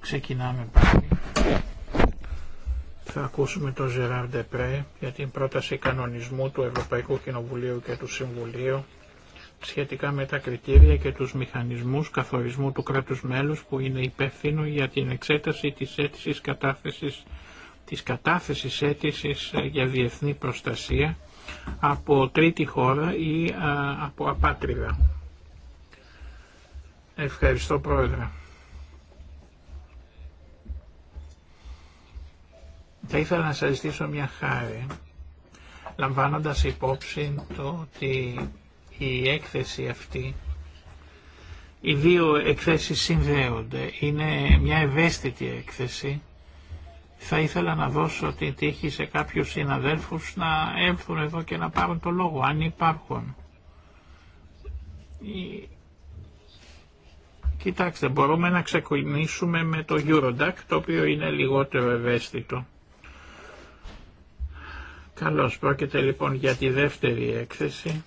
Ξεκινάμε πάλι. Θα ακούσουμε τον Ζεράρ Ντεπρέ για την πρόταση κανονισμού του Ευρωπαϊκού Κοινοβουλίου και του Συμβουλίου σχετικά με τα κριτήρια και τους μηχανισμούς καθορισμού του κράτους μέλους που είναι υπεύθυνο για την εξέταση της αίτησης κατάθεσης της κατάθεσης αίτησης για διεθνή προστασία από τρίτη χώρα ή από απάτριδα. Ευχαριστώ Πρόεδρε. Θα ήθελα να σας ζητήσω μια χάρη, λαμβάνοντας υπόψη το ότι η έκθεση αυτή, οι δύο εκθέσεις συνδέονται, είναι μια ευαίσθητη έκθεση. Θα ήθελα να δώσω την τύχη σε κάποιους συναδέλφους να έρθουν εδώ και να πάρουν το λόγο, αν υπάρχουν. Κοιτάξτε, μπορούμε να ξεκινήσουμε με το Eurodac, το οποίο είναι λιγότερο ευαίσθητο. Καλώς, πρόκειται λοιπόν για τη δεύτερη έκθεση.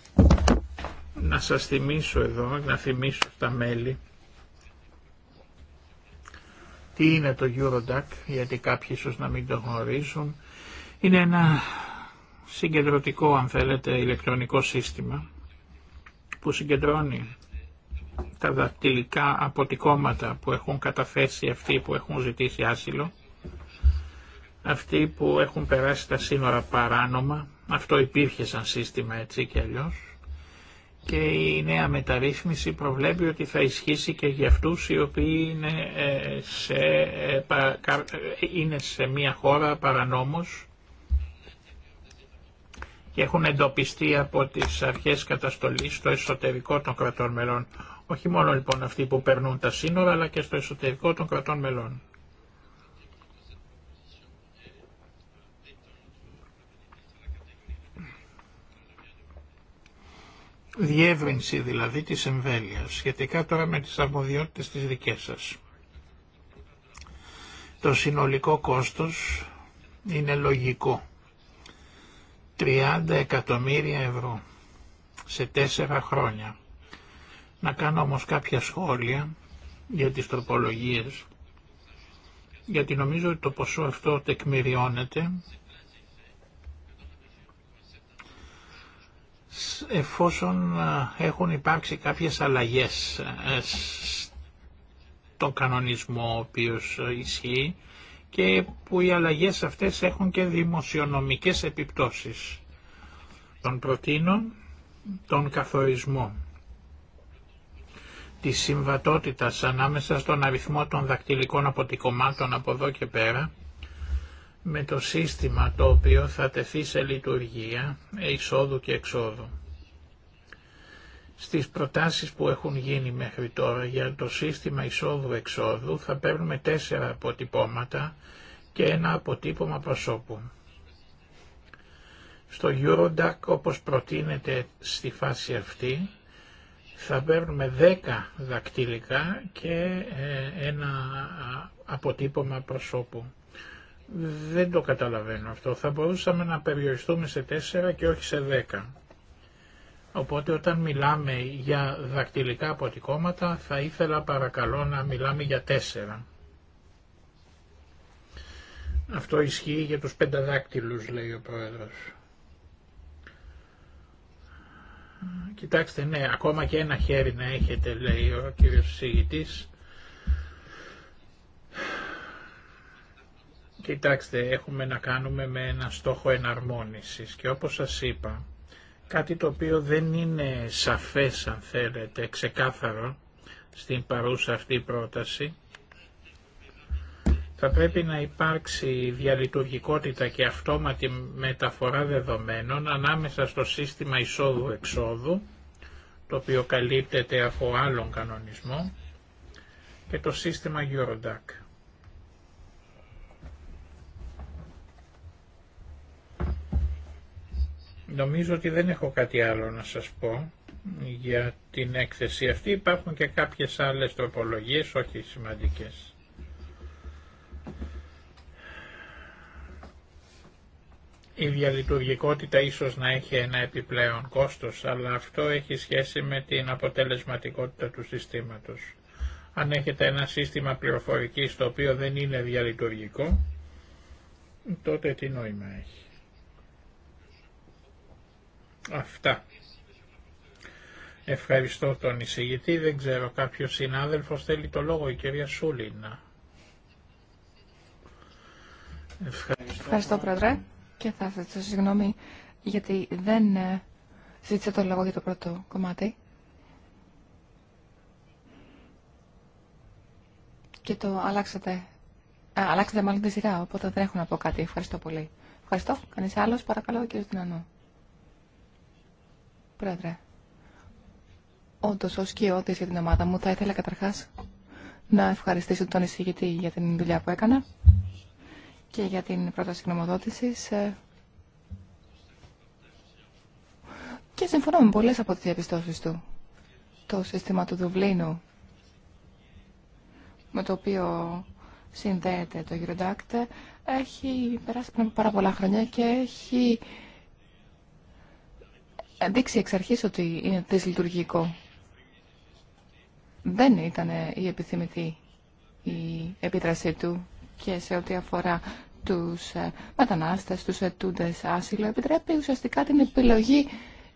Να σας θυμίσω εδώ, να θυμίσω τα μέλη. Τι είναι το Eurodac, γιατί κάποιοι ίσως να μην το γνωρίζουν. Είναι ένα συγκεντρωτικό, αν θέλετε, ηλεκτρονικό σύστημα που συγκεντρώνει τα δακτυλικά αποτυπώματα που έχουν καταθέσει αυτοί που έχουν ζητήσει άσυλο, αυτοί που έχουν περάσει τα σύνορα παράνομα, αυτό υπήρχε σαν σύστημα έτσι και αλλιώ. και η νέα μεταρρύθμιση προβλέπει ότι θα ισχύσει και για αυτούς οι οποίοι είναι ε, σε, ε, ε, είναι σε μια χώρα παρανόμως και έχουν εντοπιστεί από τις αρχές καταστολής στο εσωτερικό των κρατών μελών. Όχι μόνο λοιπόν αυτοί που περνούν τα σύνορα, αλλά και στο εσωτερικό των κρατών μελών. Διεύρυνση δηλαδή της εμβέλειας, σχετικά τώρα με τις αρμοδιότητες της δικές σας. Το συνολικό κόστος είναι λογικό 30 εκατομμύρια ευρώ σε τέσσερα χρόνια. Να κάνω όμως κάποια σχόλια για τις τροπολογίες, γιατί νομίζω ότι το ποσό αυτό τεκμηριώνεται εφόσον έχουν υπάρξει κάποιες αλλαγές ε, στον κανονισμό ο οποίος ε, ισχύει και που οι αλλαγές αυτές έχουν και δημοσιονομικές επιπτώσεις. Τον προτείνω τον καθορισμό της συμβατότητας ανάμεσα στον αριθμό των δακτυλικών αποτυπωμάτων από εδώ και πέρα με το σύστημα το οποίο θα τεθεί σε λειτουργία εισόδου και εξόδου στις προτάσεις που έχουν γίνει μέχρι τώρα για το σύστημα εισόδου-εξόδου θα παίρνουμε τέσσερα αποτυπώματα και ένα αποτύπωμα προσώπου. Στο Eurodac όπως προτείνεται στη φάση αυτή θα παίρνουμε 10 δακτυλικά και ε, ένα αποτύπωμα προσώπου. Δεν το καταλαβαίνω αυτό. Θα μπορούσαμε να περιοριστούμε σε τέσσερα και όχι σε 10. Οπότε όταν μιλάμε για δακτυλικά αποτυπώματα θα ήθελα παρακαλώ να μιλάμε για τέσσερα. Αυτό ισχύει για τους πενταδάκτυλους λέει ο πρόεδρος. Κοιτάξτε, ναι, ακόμα και ένα χέρι να έχετε, λέει ο κύριος συγητής. Κοιτάξτε, έχουμε να κάνουμε με ένα στόχο εναρμόνισης και όπως σας είπα, Κάτι το οποίο δεν είναι σαφές αν θέλετε, ξεκάθαρο στην παρούσα αυτή πρόταση. Θα πρέπει να υπάρξει διαλειτουργικότητα και αυτόματη μεταφορά δεδομένων ανάμεσα στο σύστημα εισόδου-εξόδου, το οποίο καλύπτεται από άλλον κανονισμό, και το σύστημα Eurodac. Νομίζω ότι δεν έχω κάτι άλλο να σας πω για την έκθεση αυτή. Υπάρχουν και κάποιες άλλες τροπολογίες, όχι σημαντικές. Η διαλειτουργικότητα ίσως να έχει ένα επιπλέον κόστος, αλλά αυτό έχει σχέση με την αποτελεσματικότητα του συστήματος. Αν έχετε ένα σύστημα πληροφορικής το οποίο δεν είναι διαλειτουργικό, τότε τι νόημα έχει. Αυτά. Ευχαριστώ τον εισηγητή. Δεν ξέρω, κάποιος συνάδελφο θέλει το λόγο, η κυρία Σούλινα. Ευχαριστώ, Ευχαριστώ Πρόεδρε. Και θα σας συγγνώμη γιατί δεν ε, ζήτησα το λόγο για το πρώτο κομμάτι. Και το αλλάξατε. Α, αλλάξατε μάλλον τη σειρά, οπότε δεν έχω να πω κάτι. Ευχαριστώ πολύ. Ευχαριστώ. Κανείς άλλος, παρακαλώ, κύριο Τινανού. Πρόεδρε, όντω ω ότι για την ομάδα μου, θα ήθελα καταρχά να ευχαριστήσω τον εισηγητή για την δουλειά που έκανα και για την πρόταση γνωμοδότηση. Ε, και συμφωνώ με πολλέ από τι διαπιστώσει του. Το σύστημα του Δουβλίνου, με το οποίο συνδέεται το Eurodact, έχει περάσει πριν από πάρα πολλά χρόνια και έχει δείξει εξ αρχής ότι είναι δυσλειτουργικό. Δεν ήταν η επιθυμητή η επίδρασή του και σε ό,τι αφορά τους ε, μετανάστες, τους ετούντε άσυλο, επιτρέπει ουσιαστικά την επιλογή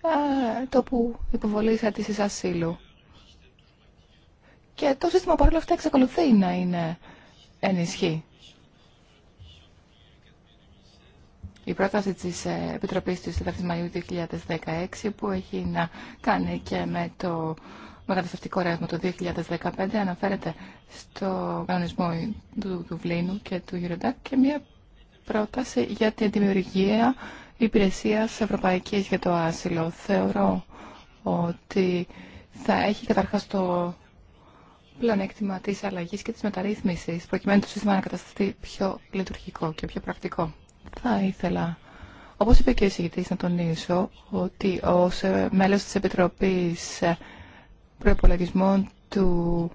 ε, το που υποβολής αίτησης ασύλου. Και το σύστημα παρόλα αυτά εξακολουθεί να είναι ενισχύ. η πρόταση της ε, Επιτροπής του 4 Μαΐου 2016 που έχει να κάνει και με το μεταναστευτικό ρεύμα το 2015 αναφέρεται στο κανονισμό του Δουβλίνου και του Eurodac και μια πρόταση για την δημιουργία υπηρεσίας ευρωπαϊκής για το άσυλο. Θεωρώ ότι θα έχει καταρχάς το πλανέκτημα της αλλαγής και της μεταρρύθμισης προκειμένου το σύστημα να κατασταθεί πιο λειτουργικό και πιο πρακτικό. Θα ήθελα, όπως είπε και ο συγκεκριτής, να τονίσω ότι ως μέλος της Επιτροπής Προϋπολογισμών του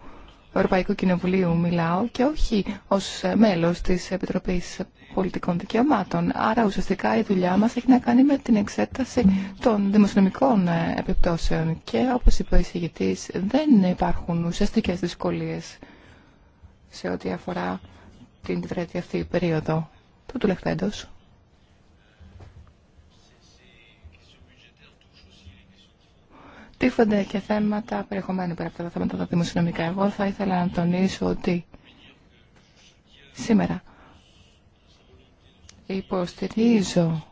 Ευρωπαϊκού Κοινοβουλίου μιλάω και όχι ως μέλος της Επιτροπής Πολιτικών Δικαιωμάτων. Άρα ουσιαστικά η δουλειά μας έχει να κάνει με την εξέταση των δημοσιονομικών επιπτώσεων και όπως είπε ο εισηγητής δεν υπάρχουν ουσιαστικές δυσκολίες σε ό,τι αφορά την τετραετία αυτή περίοδο του τουλεχθέντος. Τίφονται και θέματα περιεχομένου πέρα από τα θέματα τα δημοσιονομικά. Εγώ θα ήθελα να τονίσω ότι σήμερα υποστηρίζω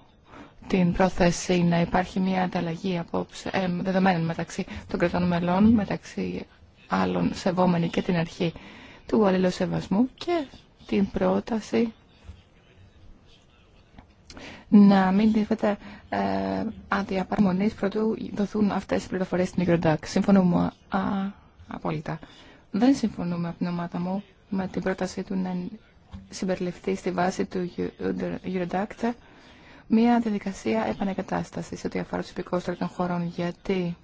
την πρόθεση να υπάρχει μια ανταλλαγή απόψε, ε, δεδομένων μεταξύ των κρατών μελών, μεταξύ άλλων σεβόμενοι και την αρχή του αλληλοσεβασμού και την πρόταση να μην δίδεται ε, προτού δοθούν αυτέ οι πληροφορίε στην Eurodac. Συμφωνούμε απόλυτα. Δεν συμφωνούμε από την ομάδα μου με την πρότασή του να συμπεριληφθεί στη βάση του Eurodac μια διαδικασία επανεκατάσταση σε ό,τι αφορά του των χωρών. Γιατί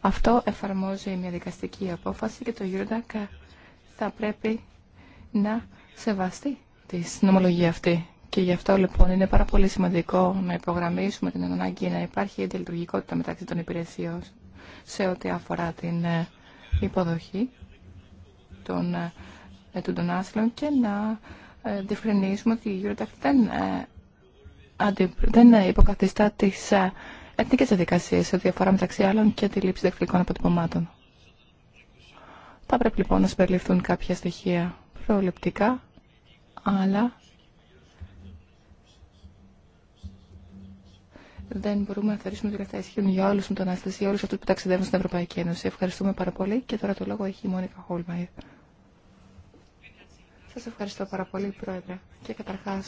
αυτό εφαρμόζει μια δικαστική απόφαση και το Eurodac θα πρέπει να σεβαστεί τη συνομολογία αυτή. Και γι' αυτό λοιπόν είναι πάρα πολύ σημαντικό να υπογραμμίσουμε την ανάγκη να υπάρχει εντελειτουργικότητα μεταξύ των υπηρεσιών σε ό,τι αφορά την ε, υποδοχή των ε, ετούντων άσυλων και να ε, διευκρινίσουμε ότι η Eurodac δεν, δεν υποκαθιστά τις εθνικές διαδικασίες σε ό,τι αφορά μεταξύ άλλων και τη λήψη δεκτυλικών αποτυπωμάτων. Θα πρέπει λοιπόν να συμπεριληφθούν κάποια στοιχεία προληπτικά, αλλά δεν μπορούμε να θεωρήσουμε ότι αυτά ισχύουν για όλου του μετανάστε, η όλου αυτού που ταξιδεύουν στην Ευρωπαϊκή Ένωση. Ευχαριστούμε πάρα πολύ και τώρα το λόγο έχει η Μόνικα Χόλμαϊρ. Σα ευχαριστώ πάρα πολύ, Πρόεδρε. Και καταρχά,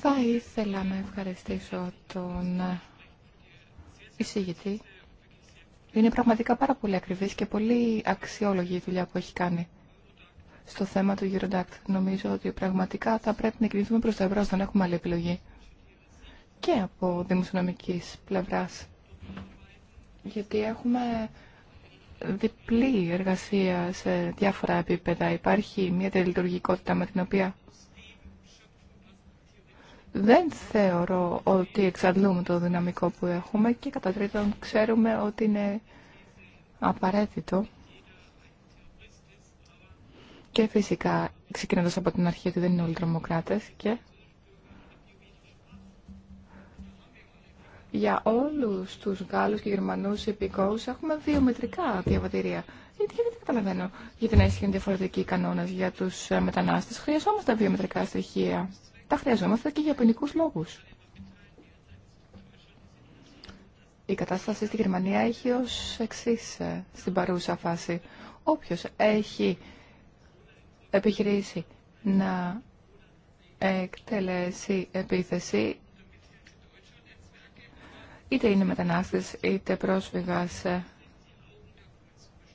θα ήθελα να ευχαριστήσω τον εισηγητή. Είναι πραγματικά πάρα πολύ ακριβή και πολύ αξιόλογη η δουλειά που έχει κάνει στο θέμα του Eurodact. Νομίζω ότι πραγματικά θα πρέπει να κινηθούμε προ τα εμπρό, δεν έχουμε άλλη επιλογή και από δημοσιονομικής πλευράς. Γιατί έχουμε διπλή εργασία σε διάφορα επίπεδα. Υπάρχει μια τελειτουργικότητα με την οποία δεν θεωρώ ότι εξαντλούμε το δυναμικό που έχουμε και κατά τρίτον ξέρουμε ότι είναι απαραίτητο και φυσικά ξεκινώντας από την αρχή ότι δεν είναι όλοι τρομοκράτες και για όλους τους Γάλλους και Γερμανούς επικούς έχουμε βιομετρικά διαβατηρία. Γιατί, δεν καταλαβαίνω γιατί να ισχύουν διαφορετικοί κανόνες για τους ε, μετανάστες. Χρειαζόμαστε βιομετρικά στοιχεία. Τα χρειαζόμαστε και για ποινικού λόγους. Η κατάσταση στη Γερμανία έχει ως εξή ε, στην παρούσα φάση. Όποιος έχει επιχειρήσει να εκτελέσει επίθεση είτε είναι μετανάστες είτε πρόσφυγας, ε,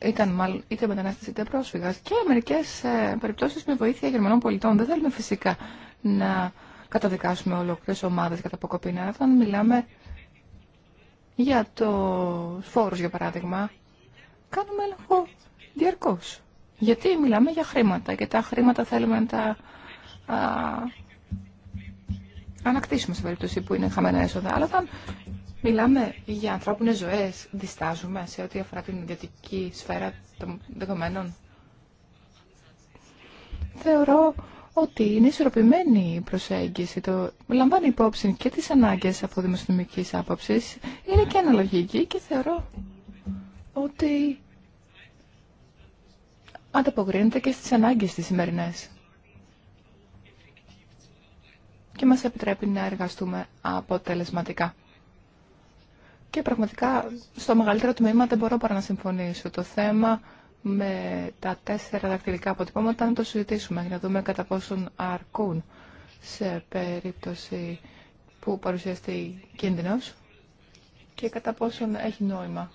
ήταν μάλλον είτε μετανάστες είτε πρόσφυγας και μερικές ε, περιπτώσεις με βοήθεια Γερμανών πολιτών. Δεν θέλουμε φυσικά να καταδικάσουμε ολόκληρες ομάδες κατά Αλλά Όταν μιλάμε για το φόρους, για παράδειγμα, κάνουμε έλεγχο διαρκώς. Γιατί μιλάμε για χρήματα και τα χρήματα θέλουμε να τα ανακτήσουμε σε περίπτωση που είναι χαμένα έσοδα. Αλλά όταν Μιλάμε για ανθρώπινε ζωέ. Διστάζουμε σε ό,τι αφορά την ιδιωτική σφαίρα των δεδομένων. Θεωρώ ότι είναι ισορροπημένη η προσέγγιση. Το λαμβάνει υπόψη και τις ανάγκες από δημοσιονομική άποψη, Είναι και αναλογική και θεωρώ ότι ανταποκρίνεται και στις ανάγκες τις σημερινές. Και μας επιτρέπει να εργαστούμε αποτελεσματικά. Και πραγματικά στο μεγαλύτερο τμήμα δεν μπορώ παρά να συμφωνήσω. Το θέμα με τα τέσσερα δακτυλικά αποτυπώματα να το συζητήσουμε για να δούμε κατά πόσον αρκούν σε περίπτωση που παρουσιαστεί κίνδυνος και κατά πόσον έχει νόημα.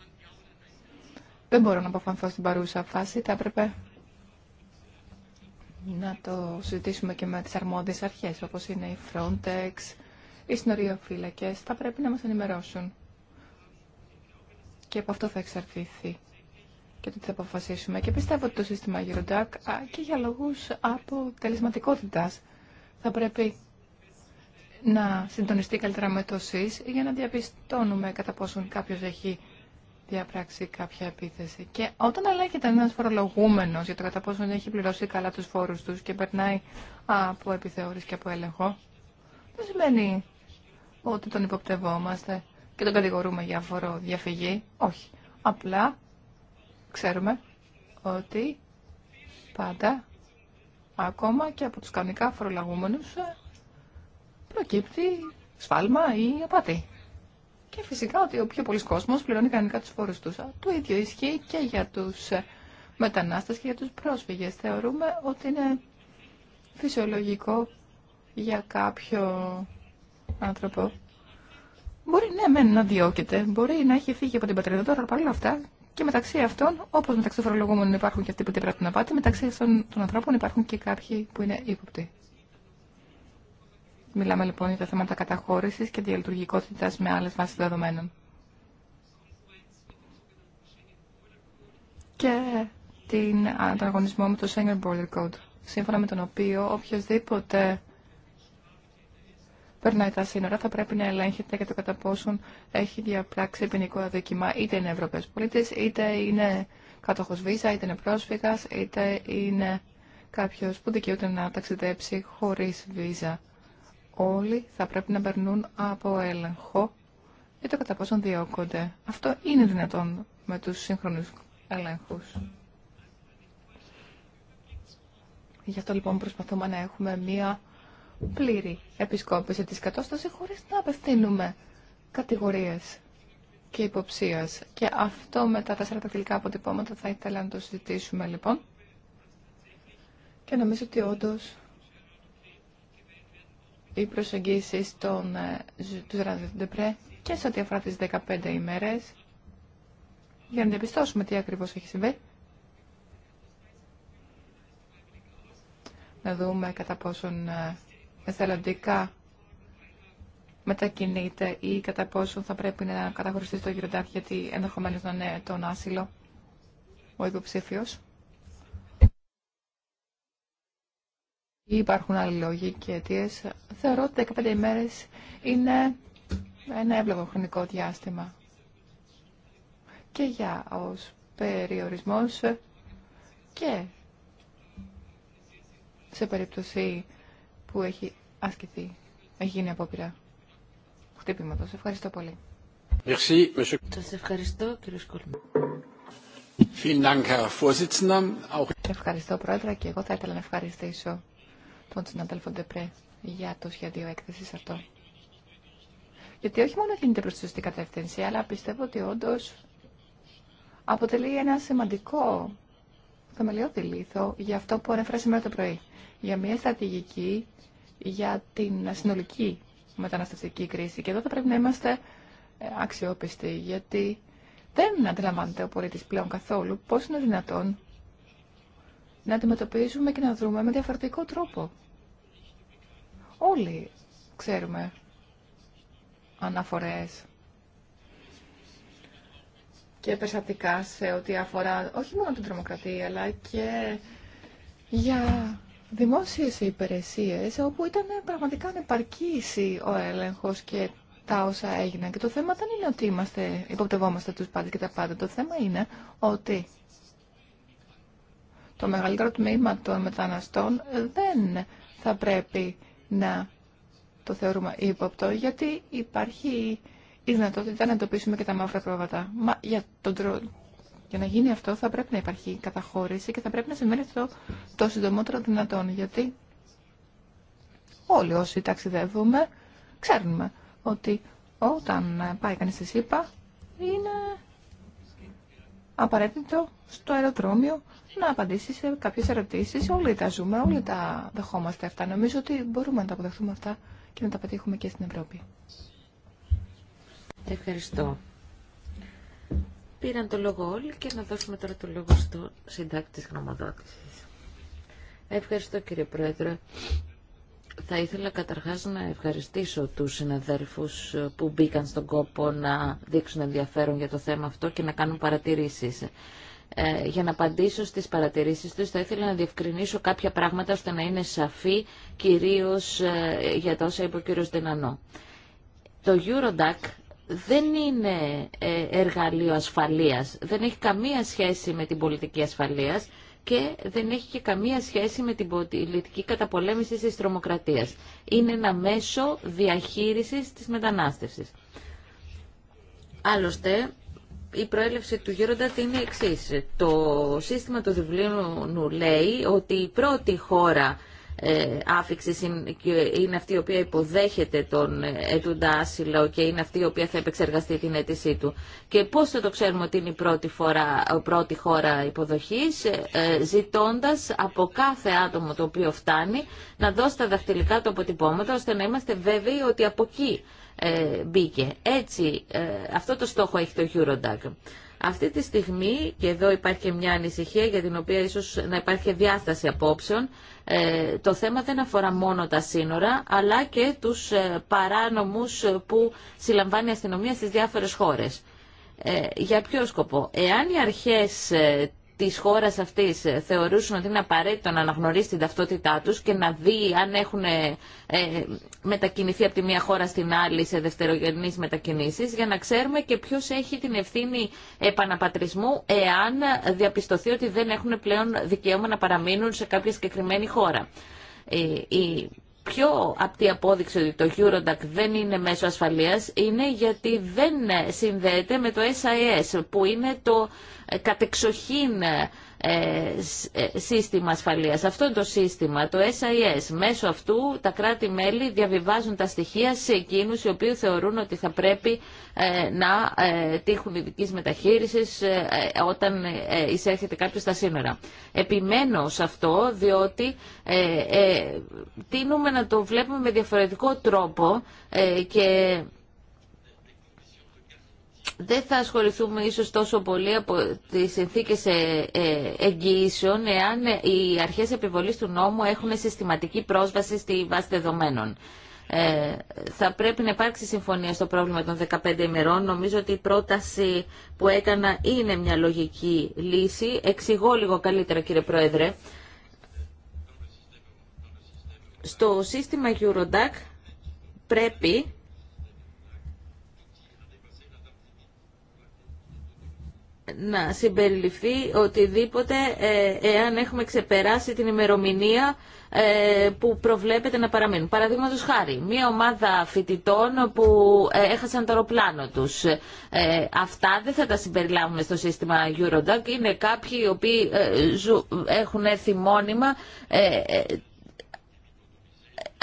Δεν μπορώ να αποφανθώ στην παρούσα φάση. Θα έπρεπε να το συζητήσουμε και με τις αρμόδιες αρχές, όπως είναι η Frontex, οι συνοριοφύλακες. Θα πρέπει να μας ενημερώσουν. Και από αυτό θα εξαρτηθεί και το τι θα αποφασίσουμε. Και πιστεύω ότι το σύστημα Eurodac και για λόγους αποτελεσματικότητας θα πρέπει να συντονιστεί καλύτερα με το ΣΥΣ για να διαπιστώνουμε κατά πόσον κάποιος έχει διαπράξει κάποια επίθεση. Και όταν ελέγχεται ένα φορολογούμενο για το κατά πόσον έχει πληρώσει καλά του φόρου του και περνάει από επιθεώρηση και από έλεγχο, δεν σημαίνει ότι τον υποπτευόμαστε και τον κατηγορούμε για φοροδιαφυγή. Όχι. Απλά ξέρουμε ότι πάντα, ακόμα και από τους κανονικά φορολαγούμενους, προκύπτει σφάλμα ή απάτη. Και φυσικά ότι ο πιο πολλής κόσμος πληρώνει κανονικά τους φόρους τους. Το ίδιο ισχύει και για τους μετανάστες και για τους πρόσφυγες. Θεωρούμε ότι είναι φυσιολογικό για κάποιο άνθρωπο Μπορεί ναι, μεν να διώκεται, μπορεί να έχει φύγει από την πατρίδα τώρα, παρόλα αυτά και μεταξύ αυτών, όπω μεταξύ των φορολογούμενων υπάρχουν και αυτοί που δεν πρέπει να πάτε, μεταξύ αυτών των ανθρώπων υπάρχουν και κάποιοι που είναι ύποπτοι. Μιλάμε λοιπόν για τα θέματα καταχώρηση και διαλειτουργικότητα με άλλε βάσει δεδομένων. Και την ανταγωνισμό με το Schengen Border Code, σύμφωνα με τον οποίο οποιοδήποτε περνάει τα σύνορα, θα πρέπει να ελέγχεται για το κατά πόσον έχει διαπράξει ποινικό αδίκημα. Είτε είναι Ευρωπαίος πολίτης, είτε είναι κάτοχος βίζα, είτε είναι πρόσφυγας, είτε είναι κάποιος που δικαιούται να ταξιδέψει χωρίς βίζα. Όλοι θα πρέπει να περνούν από έλεγχο για το κατά πόσον διώκονται. Αυτό είναι δυνατόν με τους σύγχρονους ελέγχους. Γι' αυτό λοιπόν προσπαθούμε να έχουμε μία πλήρη επισκόπηση της κατάστασης χωρίς να απευθύνουμε κατηγορίες και υποψίας. Και αυτό με τα τέσσερα τελικά αποτυπώματα θα ήθελα να το συζητήσουμε λοιπόν. Και νομίζω ότι όντω οι προσεγγίσεις των, ε, του και σε ό,τι αφορά τις 15 ημέρες για να διαπιστώσουμε τι ακριβώς έχει συμβεί. Να δούμε κατά πόσον ε, εθελοντικά μετακινείται ή κατά πόσο θα πρέπει να καταχωριστεί στο γυροντάκι γιατί ενδεχομένω να είναι τον άσυλο ο υποψήφιο. Ή υπάρχουν άλλοι λόγοι και αιτίε. Θεωρώ ότι 15 ημέρε είναι ένα εύλογο χρονικό διάστημα. Και για ω περιορισμό και σε περίπτωση που έχει ασκηθεί, έχει γίνει απόπειρα χτύπηματος. Ευχαριστώ πολύ. Σας ευχαριστώ, κύριε Σκόλμα. Ευχαριστώ, Πρόεδρε, και εγώ θα ήθελα να ευχαριστήσω τον συναδέλφο Ντεπρέ για το σχέδιο έκθεσης αυτό. Γιατί όχι μόνο γίνεται προς τη σωστή κατεύθυνση, αλλά πιστεύω ότι όντω αποτελεί ένα σημαντικό θα λίθο για αυτό που ανέφερα σήμερα το πρωί. Για μια στρατηγική για την συνολική μεταναστευτική κρίση. Και εδώ θα πρέπει να είμαστε ε, αξιόπιστοι, γιατί δεν αντιλαμβάνεται ο πολίτη πλέον καθόλου πώ είναι δυνατόν να αντιμετωπίζουμε και να δρούμε με διαφορετικό τρόπο. Όλοι ξέρουμε αναφορές και περιστατικά σε ό,τι αφορά όχι μόνο την τρομοκρατία, αλλά και για δημόσιες υπηρεσίες, όπου ήταν πραγματικά ανεπαρκής ο έλεγχος και τα όσα έγιναν. Και το θέμα δεν είναι ότι είμαστε, υποπτευόμαστε τους πάντες και τα πάντα. Το θέμα είναι ότι το μεγαλύτερο τμήμα των μεταναστών δεν θα πρέπει να το θεωρούμε ύποπτο, γιατί υπάρχει η δυνατότητα να εντοπίσουμε και τα μαύρα πρόβατα. Μα για, τον τρο... για να γίνει αυτό θα πρέπει να υπάρχει καταχώρηση και θα πρέπει να συμβαίνει αυτό το συντομότερο δυνατόν. Γιατί όλοι όσοι ταξιδεύουμε ξέρουμε ότι όταν πάει κανείς στη ΣΥΠΑ είναι απαραίτητο στο αεροδρόμιο να απαντήσει σε κάποιες ερωτήσεις. Όλοι τα ζούμε, όλοι τα δεχόμαστε αυτά. Νομίζω ότι μπορούμε να τα αποδεχτούμε αυτά και να τα πετύχουμε και στην Ευρώπη. Ευχαριστώ. Πήραν το λόγο όλοι και να δώσουμε τώρα το λόγο στο συντάκτη της γνωμοδότησης. Ευχαριστώ κύριε Πρόεδρε. Θα ήθελα καταρχάς να ευχαριστήσω τους συναδέρφους που μπήκαν στον κόπο να δείξουν ενδιαφέρον για το θέμα αυτό και να κάνουν παρατηρήσεις. Ε, για να απαντήσω στις παρατηρήσεις τους θα ήθελα να διευκρινίσω κάποια πράγματα ώστε να είναι σαφή κυρίως ε, για τα όσα είπε ο κύριος Δενανό. Το Eurodac δεν είναι ε, εργαλείο ασφαλείας, δεν έχει καμία σχέση με την πολιτική ασφαλείας και δεν έχει και καμία σχέση με την πολιτική καταπολέμηση της τρομοκρατίας. Είναι ένα μέσο διαχείρισης της μετανάστευσης. Άλλωστε, η προέλευση του Γέροντα είναι εξής. εξή. Το σύστημα του Διβλίνου λέει ότι η πρώτη χώρα ε, και είναι αυτή η οποία υποδέχεται τον έτουντα άσυλο και είναι αυτή η οποία θα επεξεργαστεί την αίτησή του. Και πώς θα το ξέρουμε ότι είναι η πρώτη, φορά, πρώτη χώρα υποδοχής, ε, ζητώντας από κάθε άτομο το οποίο φτάνει να δώσει τα δαχτυλικά του αποτυπώματα, ώστε να είμαστε βέβαιοι ότι από εκεί ε, μπήκε. Έτσι, αυτό το στόχο έχει το Eurodac. Αυτή τη στιγμή, και εδώ υπάρχει μια ανησυχία για την οποία ίσως να υπάρχει διάσταση απόψεων, ε, το θέμα δεν αφορά μόνο τα σύνορα, αλλά και τους ε, παράνομους που συλλαμβάνει η αστυνομία στις διάφορες χώρες. Ε, για ποιο σκοπό. Εάν οι αρχές Τη χώρα αυτή θεωρούσαν ότι είναι απαραίτητο να αναγνωρίσει την ταυτότητά του και να δει αν έχουν ε, ε, μετακινηθεί από τη μία χώρα στην άλλη σε δευτερογενεί μετακίνησει, για να ξέρουμε και ποιο έχει την ευθύνη επαναπατρισμού εάν διαπιστωθεί ότι δεν έχουν πλέον δικαίωμα να παραμείνουν σε κάποια συγκεκριμένη χώρα. Ε, η πιο απτή απόδειξη ότι το Eurodac δεν είναι μέσο ασφαλείας είναι γιατί δεν συνδέεται με το SIS που είναι το ε, κατεξοχήν ε, ε, ε, σύστημα ασφαλείας. Αυτό είναι το σύστημα, το SIS, μέσω αυτού τα κράτη-μέλη διαβιβάζουν τα στοιχεία σε εκείνους οι οποίοι θεωρούν ότι θα πρέπει ε, να τύχουν ειδική μεταχείρισης όταν εισέρχεται κάποιο στα σύνορα. Επιμένω σε αυτό διότι τίνουμε να το βλέπουμε με διαφορετικό τρόπο και δεν θα ασχοληθούμε ίσως τόσο πολύ από τις συνθήκες ε, ε, εγγυήσεων εάν ε, οι αρχές επιβολής του νόμου έχουν συστηματική πρόσβαση στη βάση δεδομένων. θα πρέπει να υπάρξει συμφωνία στο πρόβλημα των 15 ημερών. Νομίζω ότι η πρόταση που έκανα είναι μια λογική λύση. Εξηγώ λίγο καλύτερα κύριε Πρόεδρε. Στο σύστημα Eurodac πρέπει να συμπεριληφθεί οτιδήποτε ε, εάν έχουμε ξεπεράσει την ημερομηνία ε, που προβλέπεται να παραμείνουν. Παραδείγματο χάρη, μία ομάδα φοιτητών που ε, έχασαν το αεροπλάνο του. αυτά δεν θα τα συμπεριλάβουμε στο σύστημα Eurodac. Είναι κάποιοι οι οποίοι έχουν έρθει μόνιμα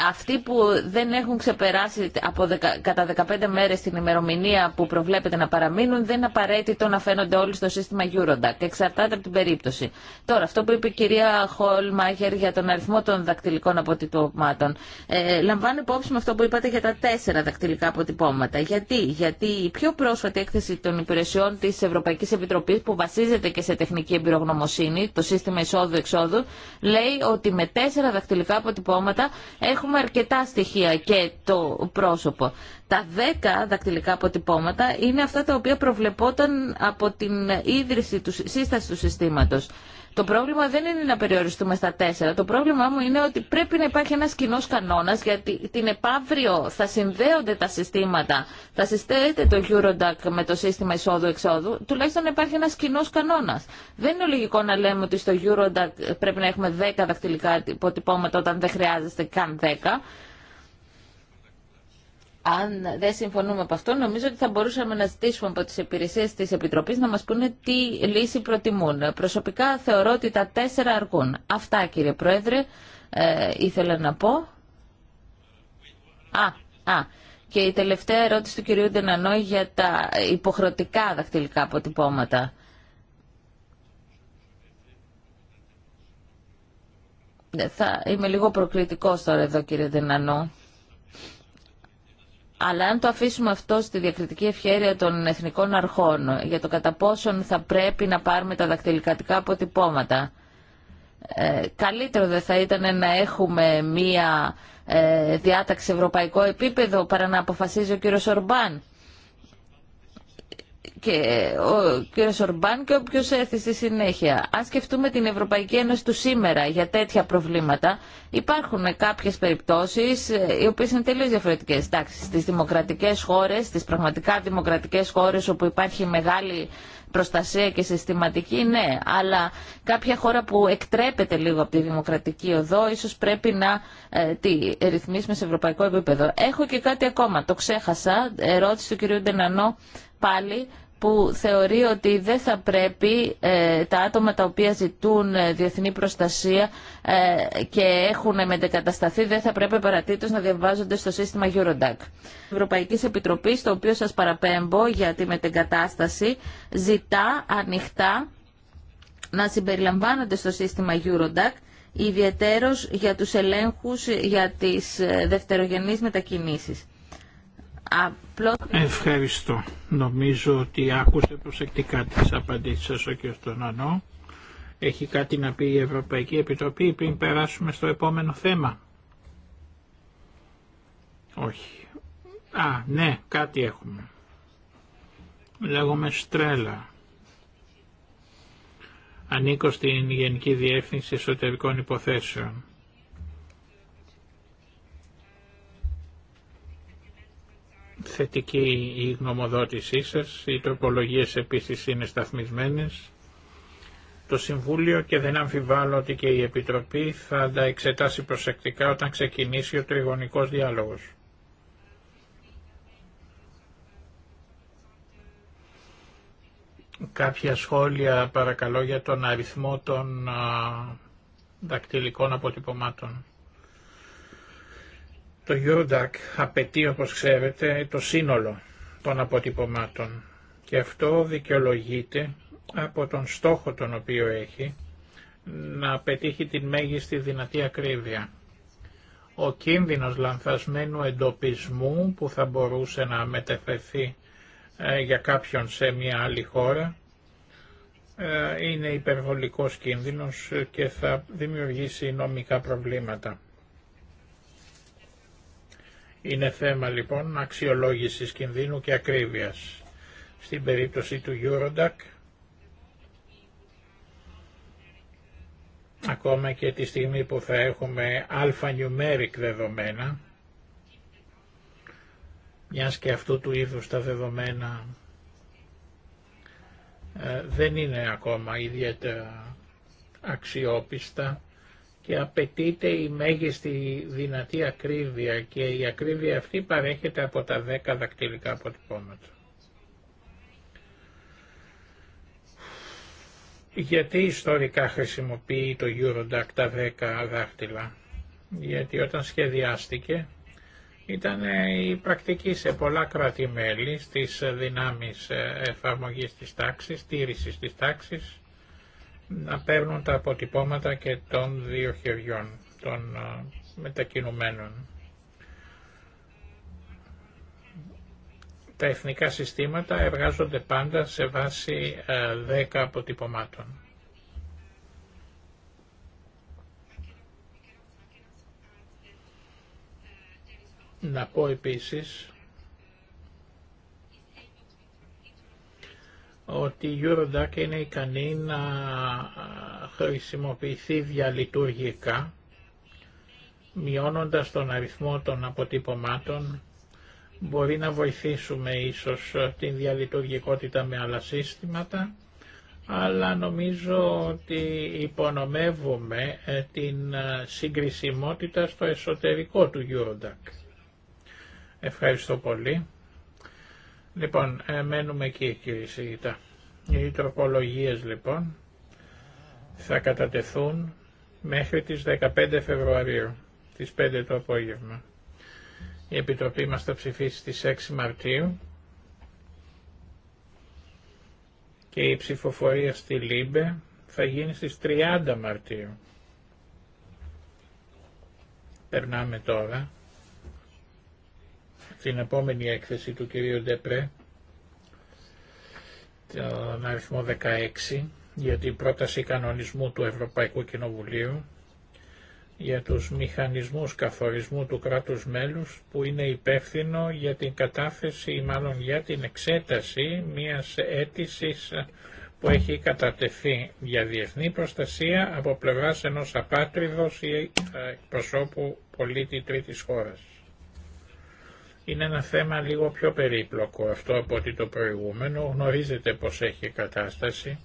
αυτοί που δεν έχουν ξεπεράσει από δεκα, κατά 15 μέρες την ημερομηνία που προβλέπεται να παραμείνουν δεν είναι απαραίτητο να φαίνονται όλοι στο σύστημα Eurodac. Εξαρτάται από την περίπτωση. Τώρα, αυτό που είπε η κυρία Χολμάχερ για τον αριθμό των δακτυλικών αποτυπωμάτων. Ε, λαμβάνω υπόψη με αυτό που είπατε για τα τέσσερα δακτυλικά αποτυπώματα. Γιατί? Γιατί η πιο πρόσφατη έκθεση των υπηρεσιών τη Ευρωπαϊκή Επιτροπή που βασίζεται και σε τεχνική εμπειρογνωμοσύνη, το σύστημα εισόδου-εξόδου, λέει ότι με τέσσερα δακτυλικά αποτυπώματα έχουμε αρκετά στοιχεία και το πρόσωπο. Τα δέκα δακτυλικά αποτυπώματα είναι αυτά τα οποία προβλεπόταν από την ίδρυση του, σύσταση του συστήματος. Το πρόβλημα δεν είναι να περιοριστούμε στα τέσσερα. Το πρόβλημά μου είναι ότι πρέπει να υπάρχει ένα κοινό κανόνα γιατί την επαύριο θα συνδέονται τα συστήματα, θα συστέεται το Eurodac με το σύστημα εισόδου-εξόδου, τουλάχιστον να υπάρχει ένα κοινό κανόνα. Δεν είναι λογικό να λέμε ότι στο Eurodac πρέπει να έχουμε δέκα δαχτυλικά υποτυπώματα όταν δεν χρειάζεστε καν 10 αν δεν συμφωνούμε από αυτό, νομίζω ότι θα μπορούσαμε να ζητήσουμε από τις υπηρεσίες της Επιτροπής να μας πούνε τι λύση προτιμούν. Προσωπικά θεωρώ ότι τα τέσσερα αρκούν. Αυτά κύριε Πρόεδρε ε, ήθελα να πω. Α, α. Και η τελευταία ερώτηση του κυρίου Ντενανό για τα υποχρεωτικά δαχτυλικά αποτυπώματα. Θα είμαι λίγο προκλητικός τώρα εδώ κύριε Ντενανό. Αλλά αν το αφήσουμε αυτό στη διακριτική ευχέρεια των εθνικών αρχών για το κατά πόσον θα πρέπει να πάρουμε τα δακτυλικατικά αποτυπώματα, ε, καλύτερο δεν θα ήταν να έχουμε μία ε, διάταξη ευρωπαϊκό επίπεδο παρά να αποφασίζει ο κύριος Ορμπάν και ο κ. Ορμπάν και όποιο έρθει στη συνέχεια. Αν σκεφτούμε την Ευρωπαϊκή Ένωση του σήμερα για τέτοια προβλήματα, υπάρχουν κάποιε περιπτώσει ε, οι οποίε είναι τελείω διαφορετικέ. Στι δημοκρατικέ χώρε, στι πραγματικά δημοκρατικέ χώρε όπου υπάρχει μεγάλη προστασία και συστηματική, ναι. Αλλά κάποια χώρα που εκτρέπεται λίγο από τη δημοκρατική οδό, ίσω πρέπει να ε, τη ρυθμίσουμε σε ευρωπαϊκό επίπεδο. Έχω και κάτι ακόμα. Το ξέχασα. Ερώτηση του κυρίου Ντενανό πάλι που θεωρεί ότι δεν θα πρέπει ε, τα άτομα τα οποία ζητούν ε, διεθνή προστασία ε, και έχουν μετεκατασταθεί δεν θα πρέπει παρατήτως να διαβάζονται στο σύστημα Eurodac. Η Ευρωπαϊκή Επιτροπή, στο οποίο σας παραπέμπω για τη μετεγκατάσταση, ζητά ανοιχτά να συμπεριλαμβάνονται στο σύστημα Eurodac ιδιαίτερος για τους ελέγχους για τις δευτερογενείς μετακινήσεις. Ευχαριστώ. Νομίζω ότι άκουσε προσεκτικά τις απαντήσεις σας ο κ. Στονανό. Έχει κάτι να πει η Ευρωπαϊκή Επιτροπή πριν περάσουμε στο επόμενο θέμα. Όχι. Α, ναι, κάτι έχουμε. Λέγομαι Στρέλα. Ανήκω στην Γενική Διεύθυνση Εσωτερικών Υποθέσεων. θετική η γνωμοδότησή σας, οι τροπολογίες επίσης είναι σταθμισμένες. Το Συμβούλιο και δεν αμφιβάλλω ότι και η Επιτροπή θα τα εξετάσει προσεκτικά όταν ξεκινήσει ο τριγωνικός διάλογος. Κάποια σχόλια παρακαλώ για τον αριθμό των δακτυλικών αποτυπωμάτων. Το Eurodac απαιτεί όπως ξέρετε το σύνολο των αποτυπωμάτων και αυτό δικαιολογείται από τον στόχο τον οποίο έχει να πετύχει την μέγιστη δυνατή ακρίβεια. Ο κίνδυνος λανθασμένου εντοπισμού που θα μπορούσε να μετεφερθεί ε, για κάποιον σε μια άλλη χώρα ε, είναι υπερβολικός κίνδυνος και θα δημιουργήσει νομικά προβλήματα. Είναι θέμα λοιπόν αξιολόγησης κινδύνου και ακρίβειας. Στην περίπτωση του Eurodac, ακόμα και τη στιγμή που θα έχουμε αλφανιουμέρικ δεδομένα, μιας και αυτού του είδους τα δεδομένα ε, δεν είναι ακόμα ιδιαίτερα αξιόπιστα, και απαιτείται η μέγιστη δυνατή ακρίβεια και η ακρίβεια αυτή παρέχεται από τα 10 δακτυλικά αποτυπώματα. Γιατί ιστορικά χρησιμοποιεί το Eurodac τα 10 δάχτυλα. Γιατί όταν σχεδιάστηκε ήταν η πρακτική σε πολλά κράτη-μέλη στις δυνάμεις ε, εφαρμογής της τάξης, τήρησης της τάξης να παίρνουν τα αποτυπώματα και των δύο χεριών, των μετακινουμένων. Τα εθνικά συστήματα εργάζονται πάντα σε βάση 10 αποτυπωμάτων. Να πω επίσης ότι η Eurodac είναι ικανή να χρησιμοποιηθεί διαλειτουργικά, μειώνοντας τον αριθμό των αποτυπωμάτων, μπορεί να βοηθήσουμε ίσως την διαλειτουργικότητα με άλλα σύστηματα, αλλά νομίζω ότι υπονομεύουμε ε, την συγκρισιμότητα στο εσωτερικό του Eurodac. Ευχαριστώ πολύ. Λοιπόν, ε, μένουμε εκεί κύριε Σιγητά. Οι τροπολογίες λοιπόν θα κατατεθούν μέχρι τις 15 Φεβρουαρίου, τις 5 το απόγευμα. Η Επιτροπή μας θα ψηφίσει στις 6 Μαρτίου και η ψηφοφορία στη Λίμπε θα γίνει στις 30 Μαρτίου. Περνάμε τώρα στην επόμενη έκθεση του κυρίου Ντεπρέ, τον αριθμό 16, για την πρόταση κανονισμού του Ευρωπαϊκού Κοινοβουλίου για τους μηχανισμούς καθορισμού του κράτους μέλους που είναι υπεύθυνο για την κατάθεση ή μάλλον για την εξέταση μιας αίτηση που έχει κατατεθεί για διεθνή προστασία από πλευράς ενός απάτριδος ή ε, προσώπου πολίτη τρίτης χώρας. Είναι ένα θέμα λίγο πιο περίπλοκο αυτό από ότι το προηγούμενο. Γνωρίζετε πως έχει κατάσταση.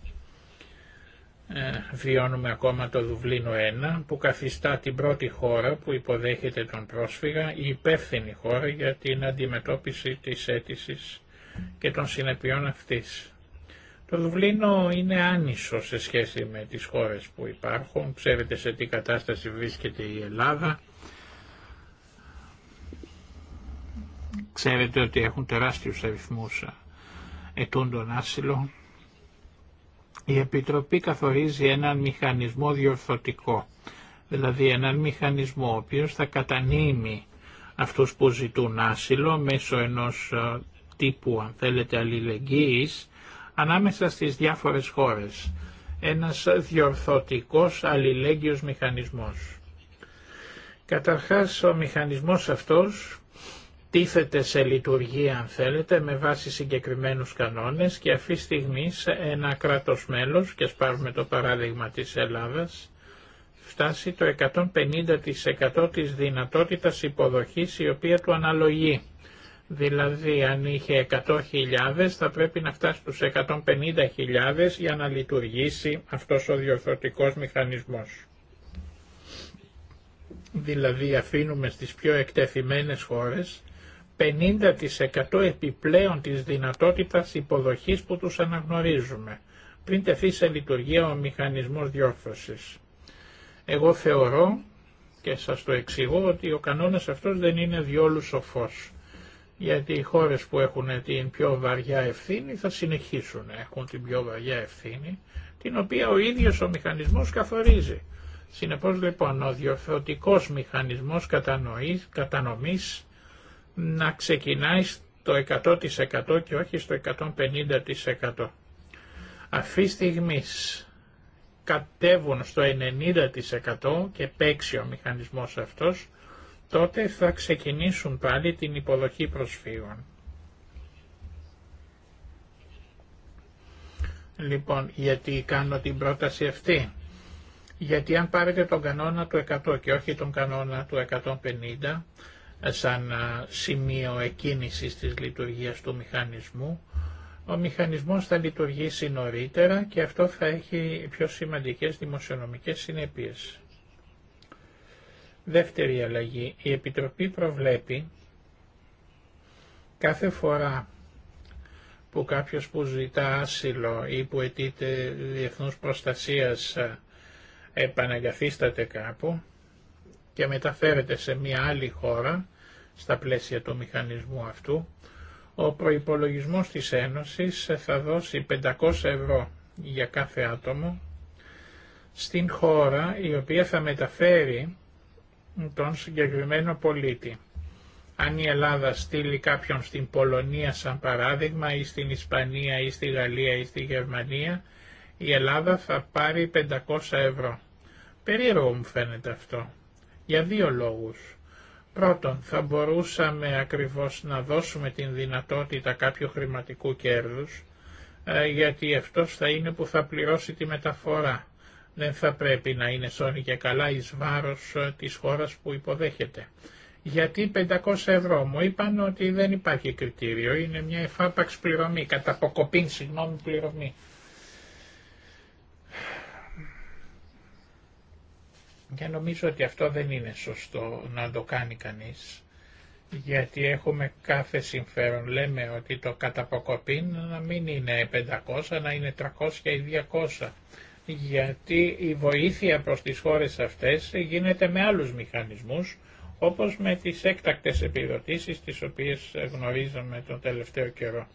Ε, βιώνουμε ακόμα το Δουβλίνο 1 που καθιστά την πρώτη χώρα που υποδέχεται τον πρόσφυγα η υπεύθυνη χώρα για την αντιμετώπιση της αίτηση και των συνεπειών αυτής. Το Δουβλίνο είναι άνισο σε σχέση με τις χώρες που υπάρχουν. Ξέρετε σε τι κατάσταση βρίσκεται η Ελλάδα Ξέρετε ότι έχουν τεράστιους αριθμούς ετούντων άσυλο. Η Επιτροπή καθορίζει έναν μηχανισμό διορθωτικό, δηλαδή έναν μηχανισμό ο οποίος θα κατανείμει αυτούς που ζητούν άσυλο μέσω ενός ε, τύπου, αν θέλετε, αλληλεγγύης ανάμεσα στις διάφορες χώρες. Ένας διορθωτικός αλληλέγγυος μηχανισμός. Καταρχάς ο μηχανισμός αυτός τίθεται σε λειτουργία αν θέλετε με βάση συγκεκριμένους κανόνες και αυτή τη στιγμή ένα κράτος μέλος και σπάρουμε το παράδειγμα της Ελλάδας φτάσει το 150% της δυνατότητας υποδοχής η οποία του αναλογεί. Δηλαδή αν είχε 100.000 θα πρέπει να φτάσει στους 150.000 για να λειτουργήσει αυτός ο διορθωτικός μηχανισμός. Δηλαδή αφήνουμε στις πιο εκτεθειμένες χώρες 50% επιπλέον της δυνατότητας υποδοχής που τους αναγνωρίζουμε, πριν τεθεί σε λειτουργία ο μηχανισμός διόρθωσης. Εγώ θεωρώ και σας το εξηγώ ότι ο κανόνας αυτός δεν είναι διόλου σοφός, γιατί οι χώρες που έχουν την πιο βαριά ευθύνη θα συνεχίσουν να έχουν την πιο βαριά ευθύνη, την οποία ο ίδιος ο μηχανισμός καθορίζει. Συνεπώς λοιπόν ο διορθωτικός μηχανισμός κατανοής, κατανομής να ξεκινάει στο 100% και όχι στο 150%. Αυτή τη στιγμή κατέβουν στο 90% και παίξει ο μηχανισμός αυτός, τότε θα ξεκινήσουν πάλι την υποδοχή προσφύγων. Λοιπόν, γιατί κάνω την πρόταση αυτή. Γιατί αν πάρετε τον κανόνα του 100 και όχι τον κανόνα του 150, σαν σημείο εκκίνησης της λειτουργίας του μηχανισμού. Ο μηχανισμός θα λειτουργήσει νωρίτερα και αυτό θα έχει πιο σημαντικές δημοσιονομικές συνέπειες. Δεύτερη αλλαγή. Η Επιτροπή προβλέπει κάθε φορά που κάποιος που ζητά άσυλο ή που αιτείται διεθνούς προστασίας επαναγκαθίσταται κάπου, και μεταφέρεται σε μια άλλη χώρα στα πλαίσια του μηχανισμού αυτού, ο προϋπολογισμός της Ένωσης θα δώσει 500 ευρώ για κάθε άτομο στην χώρα η οποία θα μεταφέρει τον συγκεκριμένο πολίτη. Αν η Ελλάδα στείλει κάποιον στην Πολωνία σαν παράδειγμα ή στην Ισπανία ή στη Γαλλία ή στη Γερμανία, η Ελλάδα θα πάρει 500 ευρώ. Περίεργο μου φαίνεται αυτό. Για δύο λόγους. Πρώτον, θα μπορούσαμε ακριβώς να δώσουμε την δυνατότητα κάποιου χρηματικού κέρδους, ε, γιατί αυτός θα είναι που θα πληρώσει τη μεταφορά. Δεν θα πρέπει να είναι σώνη και καλά εις βάρος ε, της χώρας που υποδέχεται. Γιατί 500 ευρώ μου είπαν ότι δεν υπάρχει κριτήριο, είναι μια εφάπαξ πληρωμή, καταποκοπήν συγγνώμη πληρωμή. Και νομίζω ότι αυτό δεν είναι σωστό να το κάνει κανείς, γιατί έχουμε κάθε συμφέρον. Λέμε ότι το καταποκοπή να μην είναι 500, να είναι 300 ή 200, γιατί η βοήθεια προς τις χώρες αυτές γίνεται με άλλους μηχανισμούς, όπως με τις έκτακτες επιδοτήσεις τις οποίες γνωρίζαμε τον τελευταίο καιρό.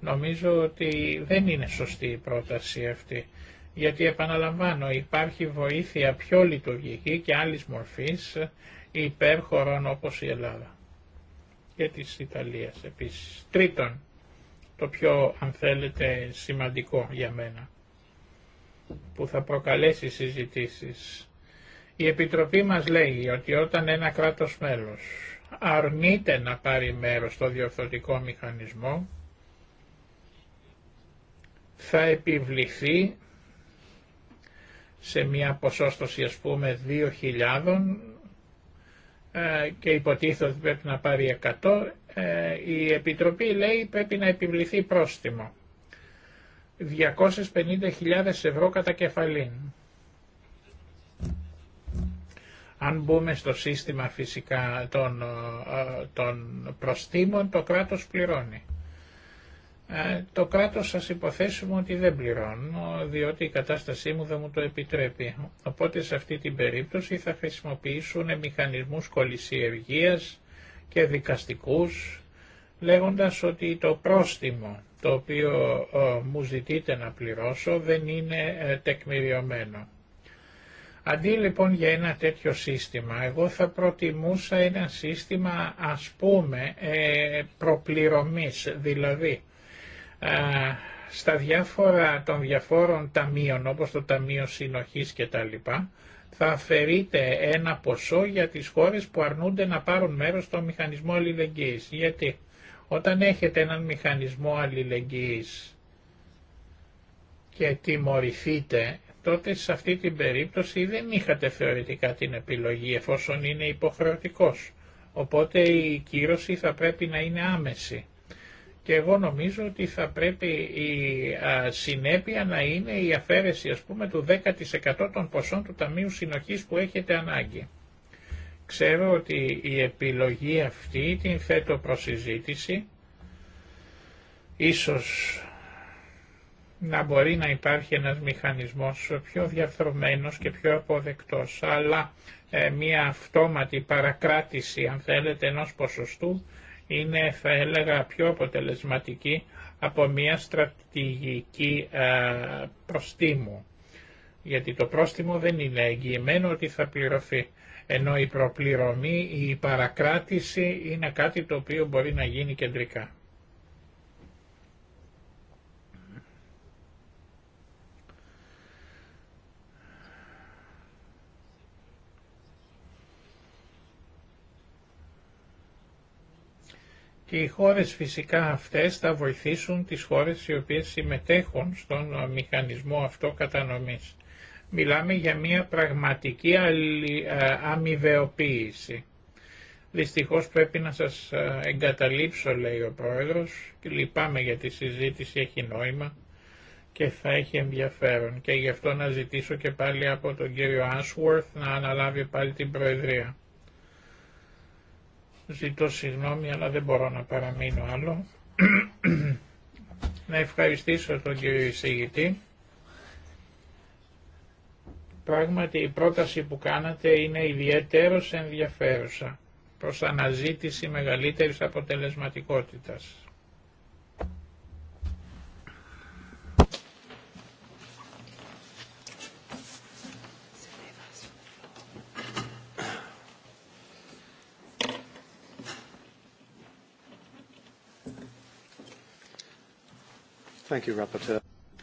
Νομίζω ότι δεν είναι σωστή η πρόταση αυτή γιατί επαναλαμβάνω υπάρχει βοήθεια πιο λειτουργική και άλλης μορφής υπέρ χωρών όπως η Ελλάδα και της Ιταλίας επίσης. Τρίτον, το πιο αν θέλετε σημαντικό για μένα που θα προκαλέσει συζητήσεις. Η Επιτροπή μας λέει ότι όταν ένα κράτος μέλος αρνείται να πάρει μέρος στο διορθωτικό μηχανισμό θα επιβληθεί σε μια ποσόστοση ας πούμε 2.000 ε, και υποτίθεται ότι πρέπει να πάρει 100, ε, η Επιτροπή λέει πρέπει να επιβληθεί πρόστιμο. 250.000 ευρώ κατά κεφαλήν. Αν μπούμε στο σύστημα φυσικά των, ε, των προστήμων, το κράτος πληρώνει. Ε, το κράτος σας υποθέσουμε ότι δεν πληρώνω, διότι η κατάστασή μου δεν μου το επιτρέπει. Οπότε σε αυτή την περίπτωση θα χρησιμοποιήσουν μηχανισμούς κολυσιεργίας και δικαστικούς, λέγοντας ότι το πρόστιμο το οποίο ε, μου ζητείτε να πληρώσω δεν είναι ε, τεκμηριωμένο. Αντί λοιπόν για ένα τέτοιο σύστημα, εγώ θα προτιμούσα ένα σύστημα ας πούμε προπληρωμής, δηλαδή στα διάφορα των διαφόρων ταμείων όπως το Ταμείο Συνοχής και τα λοιπά, θα αφαιρείτε ένα ποσό για τις χώρες που αρνούνται να πάρουν μέρος στο μηχανισμό αλληλεγγύης. Γιατί όταν έχετε έναν μηχανισμό αλληλεγγύης και τιμωρηθείτε, τότε σε αυτή την περίπτωση δεν είχατε θεωρητικά την επιλογή εφόσον είναι υποχρεωτικός. Οπότε η κύρωση θα πρέπει να είναι άμεση και εγώ νομίζω ότι θα πρέπει η συνέπεια να είναι η αφαίρεση ας πούμε του 10% των ποσών του Ταμείου Συνοχής που έχετε ανάγκη. Ξέρω ότι η επιλογή αυτή την θέτω προσυζήτηση Ίσως να μπορεί να υπάρχει ένας μηχανισμός πιο διαφθρωμένος και πιο αποδεκτός, αλλά ε, μια αυτόματη παρακράτηση, αν θέλετε, ενός ποσοστού είναι θα έλεγα πιο αποτελεσματική από μια στρατηγική ε, προστίμου. Γιατί το πρόστιμο δεν είναι εγγυημένο ότι θα πληρωθεί. Ενώ η προπληρωμή, η παρακράτηση είναι κάτι το οποίο μπορεί να γίνει κεντρικά. Και οι χώρες φυσικά αυτές θα βοηθήσουν τις χώρες οι οποίες συμμετέχουν στον ε, μηχανισμό αυτό κατανομής. Μιλάμε για μια πραγματική ε, αμοιβεοποίηση. Δυστυχώς πρέπει να σας ε, εγκαταλείψω, λέει ο Πρόεδρος, λυπάμαι γιατί η συζήτηση έχει νόημα και θα έχει ενδιαφέρον και γι' αυτό να ζητήσω και πάλι από τον κύριο Άνσουορθ να αναλάβει πάλι την Προεδρία. Ζητώ συγγνώμη αλλά δεν μπορώ να παραμείνω άλλο. να ευχαριστήσω τον κύριο εισηγητή. Πράγματι η πρόταση που κάνατε είναι ιδιαίτερο ενδιαφέρουσα προς αναζήτηση μεγαλύτερης αποτελεσματικότητας.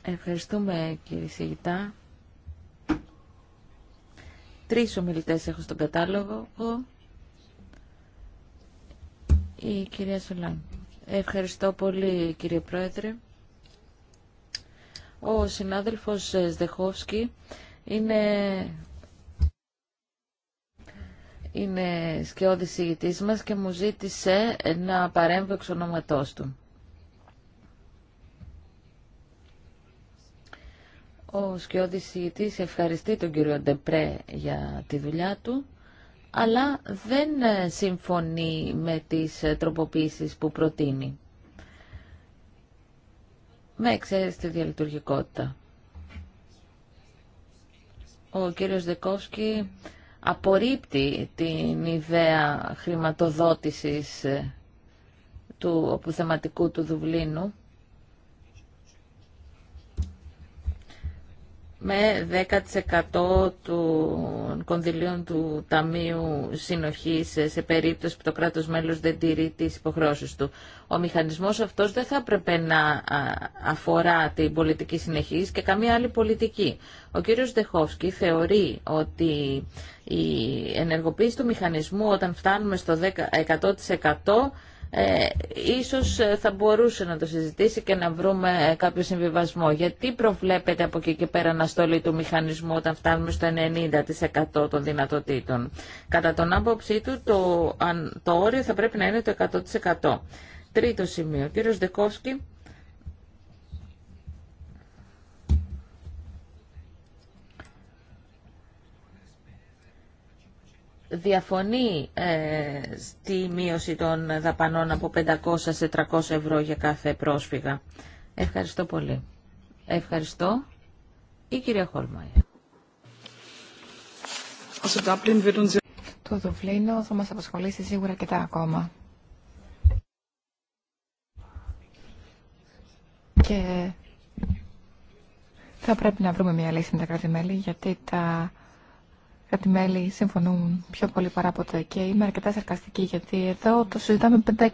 Ευχαριστούμε κύριε Σιγητά. Τρεις ομιλητές έχω στον κατάλογο. Η κυρία Σολάν. Ευχαριστώ πολύ κύριε Πρόεδρε. Ο συνάδελφος Σδεχόφσκι είναι είναι σκιώδης ηγητής μας και μου ζήτησε να παρέμβω εξ του. Ο Σκιώδης της ευχαριστεί τον κύριο Ντεπρέ για τη δουλειά του, αλλά δεν ε, συμφωνεί με τις ε, τροποποίησεις που προτείνει. Με εξαίρεση τη διαλειτουργικότητα. Ο κύριος Δεκόφσκι απορρίπτει την ιδέα χρηματοδότησης ε, του αποθεματικού του Δουβλίνου με 10% των κονδυλίων του Ταμείου Συνοχής σε περίπτωση που το κράτος μέλος δεν τηρεί τις υποχρώσεις του. Ο μηχανισμός αυτός δεν θα έπρεπε να αφορά την πολιτική συνεχής και καμία άλλη πολιτική. Ο κύριος Δεχόφσκι θεωρεί ότι η ενεργοποίηση του μηχανισμού όταν φτάνουμε στο 100% ε, ίσως ε, θα μπορούσε να το συζητήσει και να βρούμε κάποιο συμβιβασμό. Γιατί προβλέπεται από εκεί και πέρα αναστολή του μηχανισμού όταν φτάνουμε στο 90% των δυνατοτήτων. Κατά τον άποψή του το, όριο θα πρέπει να είναι το 100%. Τρίτο σημείο. Κύριος Δεκόφσκι. διαφωνεί ε, στη μείωση των δαπανών από 500 σε 300 ευρώ για κάθε πρόσφυγα. Ευχαριστώ πολύ. Ευχαριστώ. Η κυρία Χόλμαϊερ. Το Δουβλίνο θα μας απασχολήσει σίγουρα και τα ακόμα. Και θα πρέπει να βρούμε μια λύση με τα κράτη-μέλη, γιατί τα κράτη-μέλη συμφωνούν πιο πολύ παρά ποτέ και είμαι αρκετά σαρκαστική γιατί εδώ το συζητάμε 15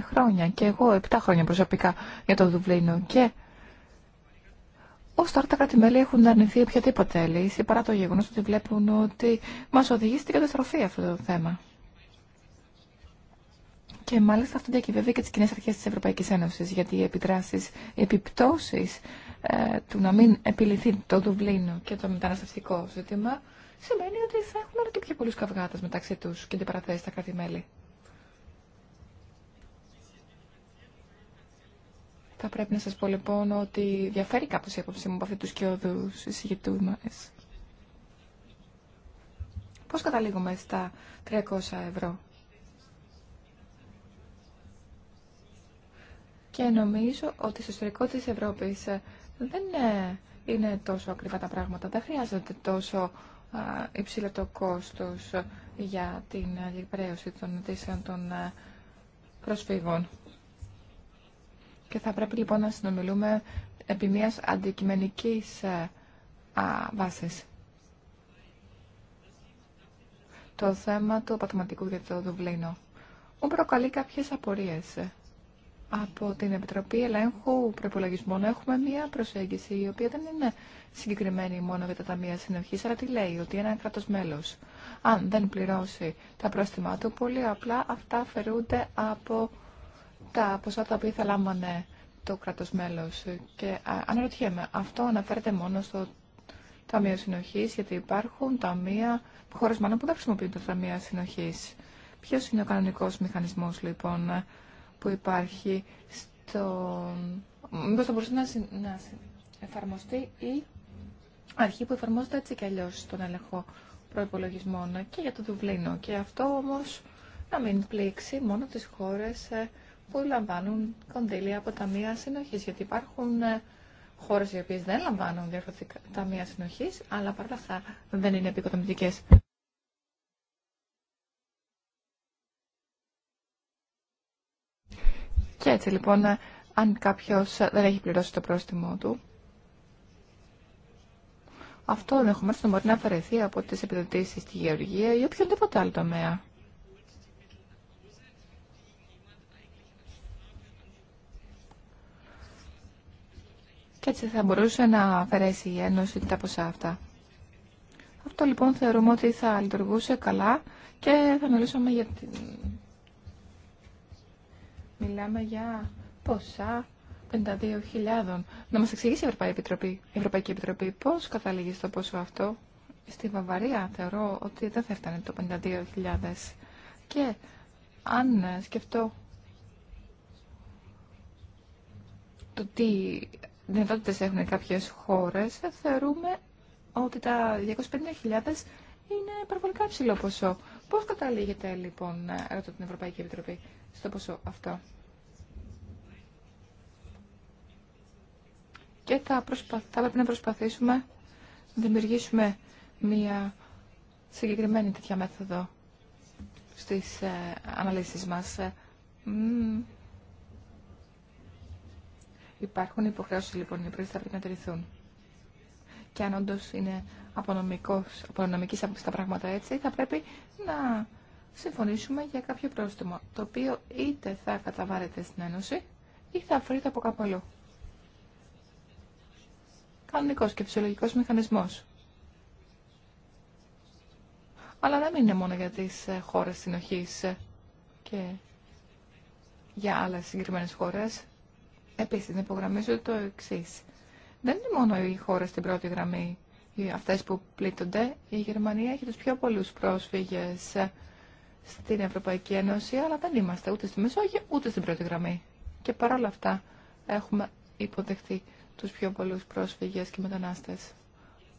χρόνια και εγώ 7 χρόνια προσωπικά για το Δουβλίνο και ω τώρα τα κράτη-μέλη έχουν αρνηθεί οποιαδήποτε λύση παρά το γεγονός ότι βλέπουν ότι μας οδηγεί στην καταστροφή αυτό το θέμα. Και μάλιστα αυτό διακυβεύει και τις κοινέ αρχές της Ευρωπαϊκής Ένωσης γιατί οι επιδράσεις, οι επιπτώσεις ε, του να μην επιληθεί το Δουβλίνο και το μεταναστευτικό ζήτημα σημαίνει ότι θα έχουν όλο και πιο πολλού καυγάτε μεταξύ του και αντιπαραθέσει τα κράτη-μέλη. Θα πρέπει να σας πω λοιπόν ότι διαφέρει κάπως η άποψή μου από αυτή τους κοιόδους μα. Πώς καταλήγουμε στα 300 ευρώ. Και νομίζω ότι στο ιστορικό της Ευρώπης δεν ε, είναι τόσο ακριβά τα πράγματα. Δεν χρειάζεται τόσο υψηλό το κόστος για την αλληλεπρέωση των αιτήσεων των προσφύγων. Και θα πρέπει λοιπόν να συνομιλούμε επί μιας αντικειμενικής βάσης. Το θέμα του παθηματικού για το Δουβλίνο μου προκαλεί κάποιες απορίες από την Επιτροπή Ελέγχου Προπολογισμών έχουμε μία προσέγγιση η οποία δεν είναι συγκεκριμένη μόνο για τα ταμεία συνοχή, αλλά τι λέει, ότι ένα κράτο μέλο, αν δεν πληρώσει τα πρόστιμά του, πολύ απλά αυτά αφαιρούνται από τα ποσά τα οποία θα λάμβανε το κράτο μέλο. Και αναρωτιέμαι, αυτό αναφέρεται μόνο στο Ταμείο Συνοχή, γιατί υπάρχουν ταμεία, χώρε που δεν χρησιμοποιούν τα Ταμεία Συνοχή. Ποιο είναι ο κανονικό μηχανισμό λοιπόν που υπάρχει στο... Μήπως θα μπορούσε να, συ... εφαρμοστεί η αρχή που εφαρμόζεται έτσι και αλλιώς στον έλεγχο προϋπολογισμών και για το Δουβλίνο. Και αυτό όμως να μην πλήξει μόνο τις χώρες ε, που λαμβάνουν κονδύλια από ταμεία συνοχής, γιατί υπάρχουν ε, χώρες οι οποίες δεν λαμβάνουν διαφορετικά ταμεία συνοχής, αλλά παρόλα αυτά δεν είναι επικοδομητικές. Και έτσι λοιπόν, ε, αν κάποιος ε, δεν έχει πληρώσει το πρόστιμό του, αυτό ενδεχομένω να μπορεί να αφαιρεθεί από τις επιδοτήσεις στη γεωργία ή οποιονδήποτε άλλο τομέα. Και έτσι θα μπορούσε να αφαιρέσει η Ένωση τα ποσά αυτά. Αυτό λοιπόν θεωρούμε ότι θα λειτουργούσε καλά και θα μιλήσουμε για την Μιλάμε για ποσά 52.000. Να μας εξηγήσει η Ευρωπαϊκή Επιτροπή, η Ευρωπαϊκή Επιτροπή πώς καταλήγει στο πόσο αυτό. Στη Βαβαρία θεωρώ ότι δεν θα έφτανε το 52.000. Και αν σκεφτώ το τι δυνατότητε έχουν κάποιες χώρες, θεωρούμε ότι τα 250.000 είναι υπερβολικά ψηλό ποσό. Πώς καταλήγεται λοιπόν, ρωτώ την Ευρωπαϊκή Επιτροπή, στο ποσό αυτό. Και θα, προσπα... πρέπει να προσπαθήσουμε να δημιουργήσουμε μία συγκεκριμένη τέτοια μέθοδο στις ε, αναλύσεις μας. Ε, υπάρχουν υποχρεώσεις λοιπόν, οι οποίες θα πρέπει να τηρηθούν. Και αν είναι απονομικής άποψη τα πράγματα έτσι, θα πρέπει να συμφωνήσουμε για κάποιο πρόστιμο, το οποίο είτε θα καταβάρεται στην Ένωση ή θα αφαιρείται από κάπου αλλού. Κανονικός και φυσιολογικός μηχανισμός. Αλλά δεν είναι μόνο για τις ε, χώρες συνοχής ε, και για άλλες συγκεκριμένες χώρες. Επίσης, να υπογραμμίζω το εξή. Δεν είναι μόνο οι χώρες στην πρώτη γραμμή αυτές που πλήττονται. Η Γερμανία έχει τους πιο πολλούς πρόσφυγες στην Ευρωπαϊκή Ένωση, αλλά δεν είμαστε ούτε στη Μεσόγειο, ούτε στην πρώτη γραμμή. Και παρόλα αυτά έχουμε υποδεχτεί τους πιο πολλούς πρόσφυγες και μετανάστες.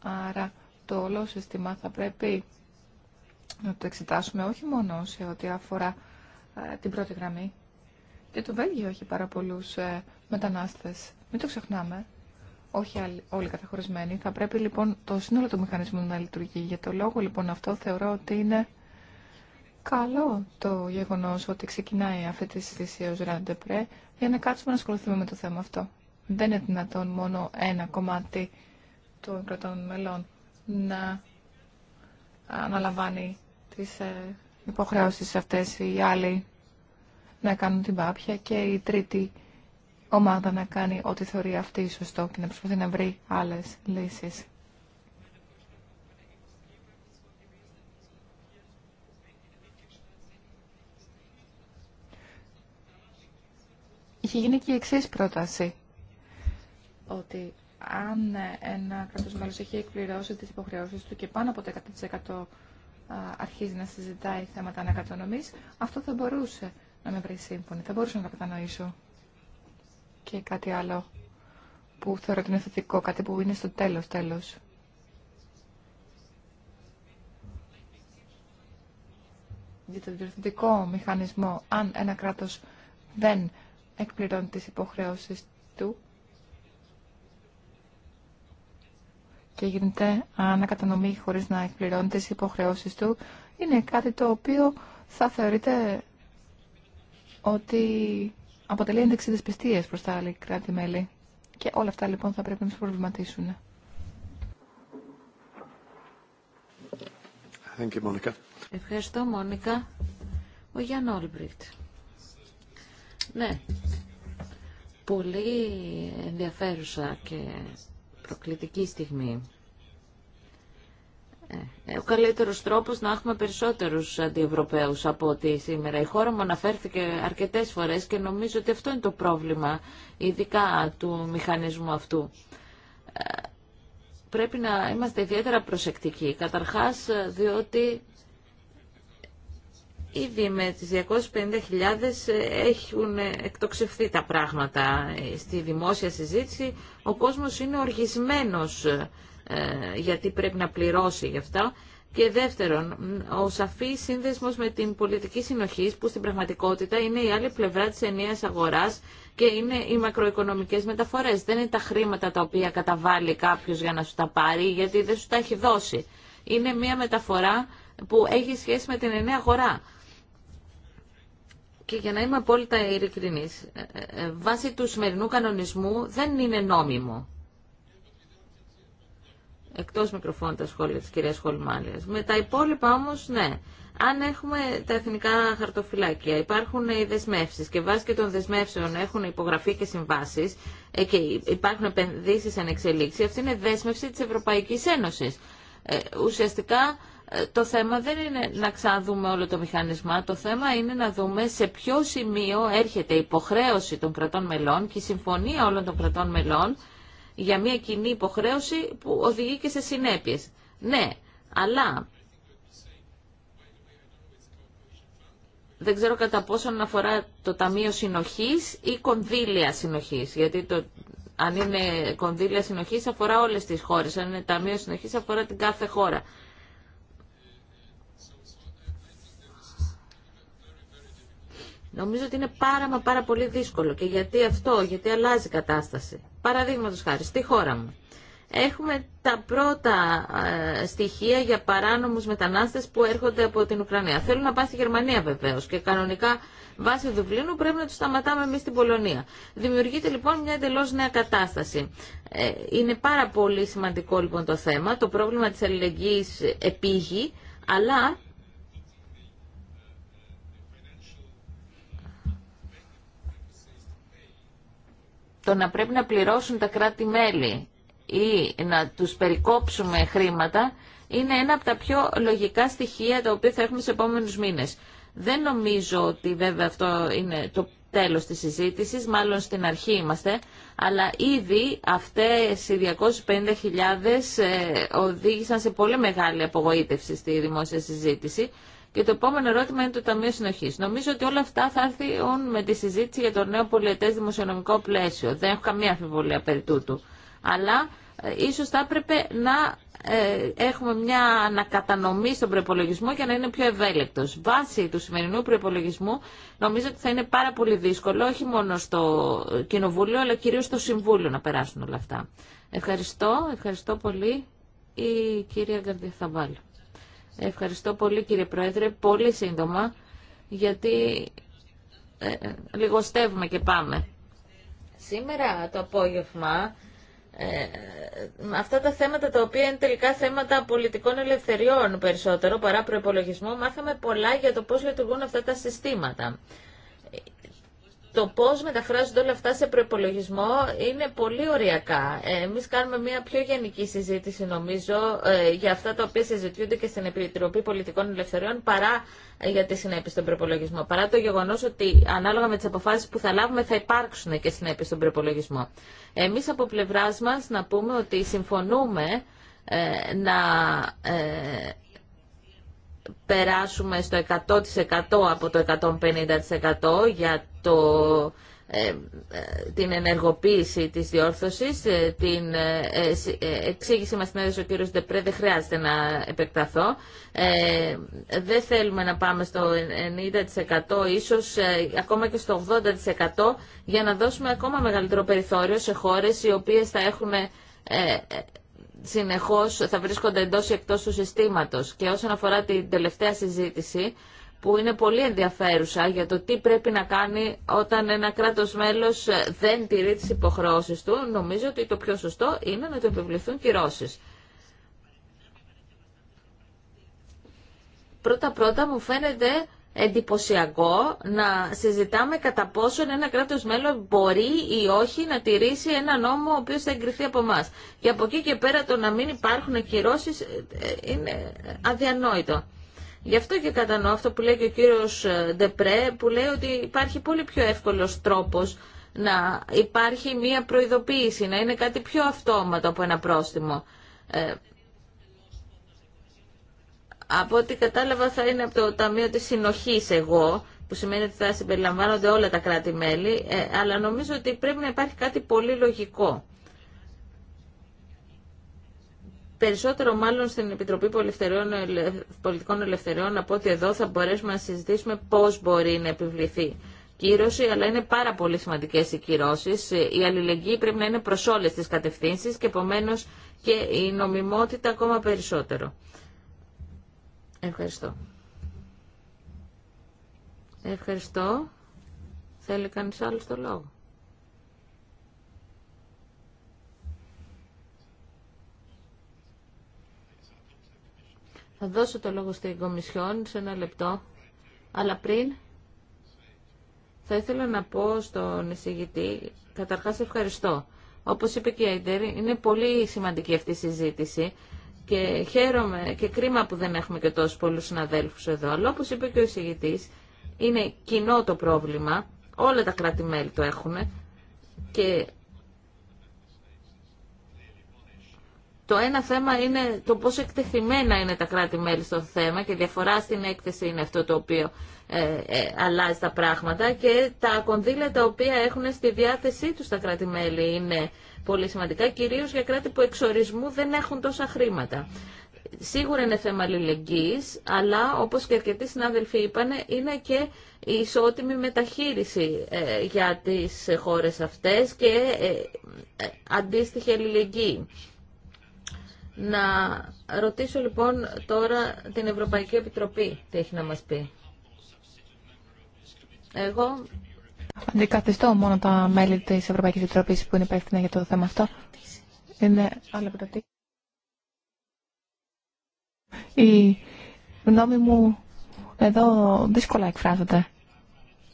Άρα το όλο σύστημα θα πρέπει να το εξετάσουμε όχι μόνο σε ό,τι αφορά ε, την πρώτη γραμμή. Και το Βέλγιο έχει πάρα πολλούς ε, μετανάστες. Μην το ξεχνάμε όχι όλοι καταχωρισμένοι. Θα πρέπει λοιπόν το σύνολο του μηχανισμού να λειτουργεί. Για το λόγο λοιπόν αυτό θεωρώ ότι είναι καλό το γεγονό ότι ξεκινάει αυτή τη συζήτηση ω ραντεπρέ για να κάτσουμε να ασχοληθούμε με το θέμα αυτό. Δεν είναι δυνατόν μόνο ένα κομμάτι των κρατών μελών να αναλαμβάνει τις υποχρέωσει υποχρεώσεις αυτές οι άλλοι να κάνουν την πάπια και η τρίτη ομάδα να κάνει ό,τι θεωρεί αυτή σωστό και να προσπαθεί να βρει άλλες λύσεις. Είχε γίνει και η εξή πρόταση, ότι αν ένα κράτος μέλος έχει εκπληρώσει τις υποχρεώσεις του και πάνω από το 100% αρχίζει να συζητάει θέματα ανακατονομής, αυτό θα μπορούσε να με βρει σύμφωνη, θα μπορούσα να κατανοήσω και κάτι άλλο που θεωρώ ότι είναι θετικό, κάτι που είναι στο τέλος τέλος. Για τον διευθυντικό μηχανισμό, αν ένα κράτος δεν εκπληρώνει τις υποχρεώσεις του και γίνεται ανακατανομή χωρίς να εκπληρώνει τις υποχρεώσεις του, είναι κάτι το οποίο θα θεωρείται ότι αποτελεί ένδειξη της προς τα άλλη κράτη-μέλη. Και όλα αυτά λοιπόν θα πρέπει να μας προβληματίσουν. Ευχαριστώ, Μόνικα. Ο Γιάνν Όλμπριχτ. Ναι, πολύ ενδιαφέρουσα και προκλητική στιγμή ε, ο καλύτερος τρόπος να έχουμε περισσότερους αντιευρωπαίους από ό,τι σήμερα. Η χώρα μου αναφέρθηκε αρκετές φορές και νομίζω ότι αυτό είναι το πρόβλημα, ειδικά του μηχανισμού αυτού. Ε, πρέπει να είμαστε ιδιαίτερα προσεκτικοί. Καταρχάς, διότι ήδη με τις 250.000 έχουν εκτοξευθεί τα πράγματα ε, στη δημόσια συζήτηση. Ο κόσμος είναι οργισμένος ε, γιατί πρέπει να πληρώσει γι' αυτό. Και δεύτερον, ο σαφή σύνδεσμο με την πολιτική συνοχή, που στην πραγματικότητα είναι η άλλη πλευρά τη ενιαία αγορά και είναι οι μακροοικονομικέ μεταφορέ. Δεν είναι τα χρήματα τα οποία καταβάλει κάποιο για να σου τα πάρει, γιατί δεν σου τα έχει δώσει. Είναι μια μεταφορά που έχει σχέση με την ενιαία αγορά. Και για να είμαι απόλυτα ειλικρινή, ε, ε, βάσει του σημερινού κανονισμού δεν είναι νόμιμο Εκτό μικροφώνου τα σχόλια τη κυρία Χολμάλια. Με τα υπόλοιπα όμω, ναι. Αν έχουμε τα εθνικά χαρτοφυλάκια, υπάρχουν οι δεσμεύσει και βάσει και των δεσμεύσεων έχουν υπογραφεί και συμβάσει ε, και υπάρχουν επενδύσει εν εξελίξη, αυτή είναι δέσμευση τη Ευρωπαϊκή Ένωση. Ε, ουσιαστικά ε, το θέμα δεν είναι να ξαναδούμε όλο το μηχανισμό. το θέμα είναι να δούμε σε ποιο σημείο έρχεται η υποχρέωση των κρατών μελών και η συμφωνία όλων των κρατών μελών για μια κοινή υποχρέωση που οδηγεί και σε συνέπειες. Ναι, αλλά δεν ξέρω κατά πόσον αφορά το Ταμείο Συνοχής ή Κονδύλια Συνοχής, γιατί το, αν είναι Κονδύλια Συνοχής αφορά όλες τις χώρες, αν είναι Ταμείο Συνοχής αφορά την κάθε χώρα. Νομίζω ότι είναι πάρα μα πάρα πολύ δύσκολο. Και γιατί αυτό, γιατί αλλάζει η κατάσταση. Παραδείγματο χάρη, στη χώρα μου. Έχουμε τα πρώτα ε, στοιχεία για παράνομους μετανάστες που έρχονται από την Ουκρανία. Θέλουν να πάνε στη Γερμανία βεβαίως και κανονικά βάσει Δουβλίνου πρέπει να τους σταματάμε εμείς στην Πολωνία. Δημιουργείται λοιπόν μια εντελώ νέα κατάσταση. Ε, είναι πάρα πολύ σημαντικό λοιπόν το θέμα. Το πρόβλημα της αλληλεγγύης επήγει, αλλά το να πρέπει να πληρώσουν τα κράτη-μέλη ή να τους περικόψουμε χρήματα είναι ένα από τα πιο λογικά στοιχεία τα οποία θα έχουμε σε επόμενους μήνες. Δεν νομίζω ότι βέβαια αυτό είναι το τέλος της συζήτησης, μάλλον στην αρχή είμαστε, αλλά ήδη αυτές οι 250.000 ε, οδήγησαν σε πολύ μεγάλη απογοήτευση στη δημόσια συζήτηση και το επόμενο ερώτημα είναι το Ταμείο Συνοχή. Νομίζω ότι όλα αυτά θα έρθουν με τη συζήτηση για το νέο πολιετέ δημοσιονομικό πλαίσιο. Δεν έχω καμία αμφιβολία περί τούτου. Αλλά ε, ίσω θα έπρεπε να ε, έχουμε μια ανακατανομή στον προπολογισμό για να είναι πιο ευέλικτο. Βάσει του σημερινού προπολογισμού, νομίζω ότι θα είναι πάρα πολύ δύσκολο, όχι μόνο στο Κοινοβούλιο, αλλά κυρίω στο Συμβούλιο να περάσουν όλα αυτά. Ευχαριστώ, ευχαριστώ πολύ. Η κυρία Γκαρδιαθαμπάλη. Ευχαριστώ πολύ κύριε Πρόεδρε, πολύ σύντομα, γιατί ε, λιγοστεύουμε και πάμε. Σήμερα το απόγευμα ε, αυτά τα θέματα τα οποία είναι τελικά θέματα πολιτικών ελευθεριών περισσότερο παρά προπολογισμό, μάθαμε πολλά για το πώς λειτουργούν αυτά τα συστήματα το πώ μεταφράζονται όλα αυτά σε προπολογισμό είναι πολύ ωριακά. Εμεί κάνουμε μια πιο γενική συζήτηση νομίζω ε, για αυτά τα οποία συζητούνται και στην Επιτροπή Πολιτικών Ελευθεριών παρά ε, για τη συνέπειε στον προπολογισμό. Παρά το γεγονό ότι ανάλογα με τι αποφάσει που θα λάβουμε θα υπάρξουν και συνέπειε στον προπολογισμό. Εμεί από πλευρά μα να πούμε ότι συμφωνούμε ε, να... περάσουμε στο 100% από το 150% για το, ε, ε, την ενεργοποίηση της διόρθωσης, ε, την εξήγηση μας την έδωσε ο κύριος Ντεπρέ, δεν χρειάζεται να επεκταθώ. Ε, δεν θέλουμε να πάμε στο 90%, ίσως ακόμα και στο 80% για να δώσουμε ακόμα μεγαλύτερο περιθώριο σε χώρες οι οποίες θα έχουν συνεχώς, θα βρίσκονται εντός ή εκτός του συστήματος. Και όσον αφορά την τελευταία συζήτηση, που είναι πολύ ενδιαφέρουσα για το τι πρέπει να κάνει όταν ένα κράτος μέλος ε, δεν τηρεί τις υποχρεώσεις του, νομίζω ότι το πιο σωστό είναι να του επιβληθούν κυρώσεις. Πρώτα-πρώτα μου φαίνεται εντυπωσιακό να συζητάμε κατά πόσον ένα κράτος μέλος μπορεί ή όχι να τηρήσει ένα νόμο ο οποίος θα εγκριθεί από εμά. Και από εκεί και πέρα το να μην υπάρχουν κυρώσεις ε, ε, είναι αδιανόητο. Γι' αυτό και κατανοώ αυτό που λέει και ο κύριος ε, Ντεπρέ, που λέει ότι υπάρχει πολύ πιο εύκολος τρόπος να υπάρχει μία προειδοποίηση, να είναι κάτι πιο αυτόματο από ένα πρόστιμο. Ε, από ό,τι κατάλαβα θα είναι από το Ταμείο της Συνοχής εγώ, που σημαίνει ότι θα συμπεριλαμβάνονται όλα τα κράτη-μέλη, ε, αλλά νομίζω ότι πρέπει να υπάρχει κάτι πολύ λογικό. περισσότερο μάλλον στην Επιτροπή Πολιτικών Ελευθεριών από ότι εδώ θα μπορέσουμε να συζητήσουμε πώς μπορεί να επιβληθεί κύρωση, αλλά είναι πάρα πολύ σημαντικές οι κυρώσεις. Η αλληλεγγύη πρέπει να είναι προς όλες τις κατευθύνσεις και επομένως και η νομιμότητα ακόμα περισσότερο. Ευχαριστώ. Ευχαριστώ. Θέλει κανείς άλλο το λόγο. Θα δώσω το λόγο στην Κομισιόν σε ένα λεπτό, αλλά πριν θα ήθελα να πω στον εισηγητή, καταρχάς ευχαριστώ. Όπως είπε και η Αίντερ, είναι πολύ σημαντική αυτή η συζήτηση και χαίρομαι και κρίμα που δεν έχουμε και τόσους πολλούς συναδέλφους εδώ, αλλά όπως είπε και ο εισηγητής, είναι κοινό το πρόβλημα, όλα τα κράτη-μέλη το έχουν και Το ένα θέμα είναι το πόσο εκτεθειμένα είναι τα κράτη-μέλη στο θέμα και διαφορά στην έκθεση είναι αυτό το οποίο ε, ε, αλλάζει τα πράγματα και τα κονδύλια τα οποία έχουν στη διάθεσή τους τα κράτη-μέλη είναι πολύ σημαντικά, κυρίως για κράτη που εξορισμού δεν έχουν τόσα χρήματα. Σίγουρα είναι θέμα αλληλεγγύης, αλλά όπως και αρκετοί συνάδελφοι είπαν, είναι και η ισότιμη μεταχείριση ε, για τις χώρες αυτές και αντίστοιχη αλληλεγγύη. Να ρωτήσω λοιπόν τώρα την Ευρωπαϊκή Επιτροπή τι έχει να μας πει. Εγώ... Αντικαθιστώ μόνο τα μέλη της Ευρωπαϊκής Επιτροπής που είναι υπεύθυνα για το θέμα αυτό. Είναι άλλο επιτροπή. Η γνώμη μου εδώ δύσκολα εκφράζεται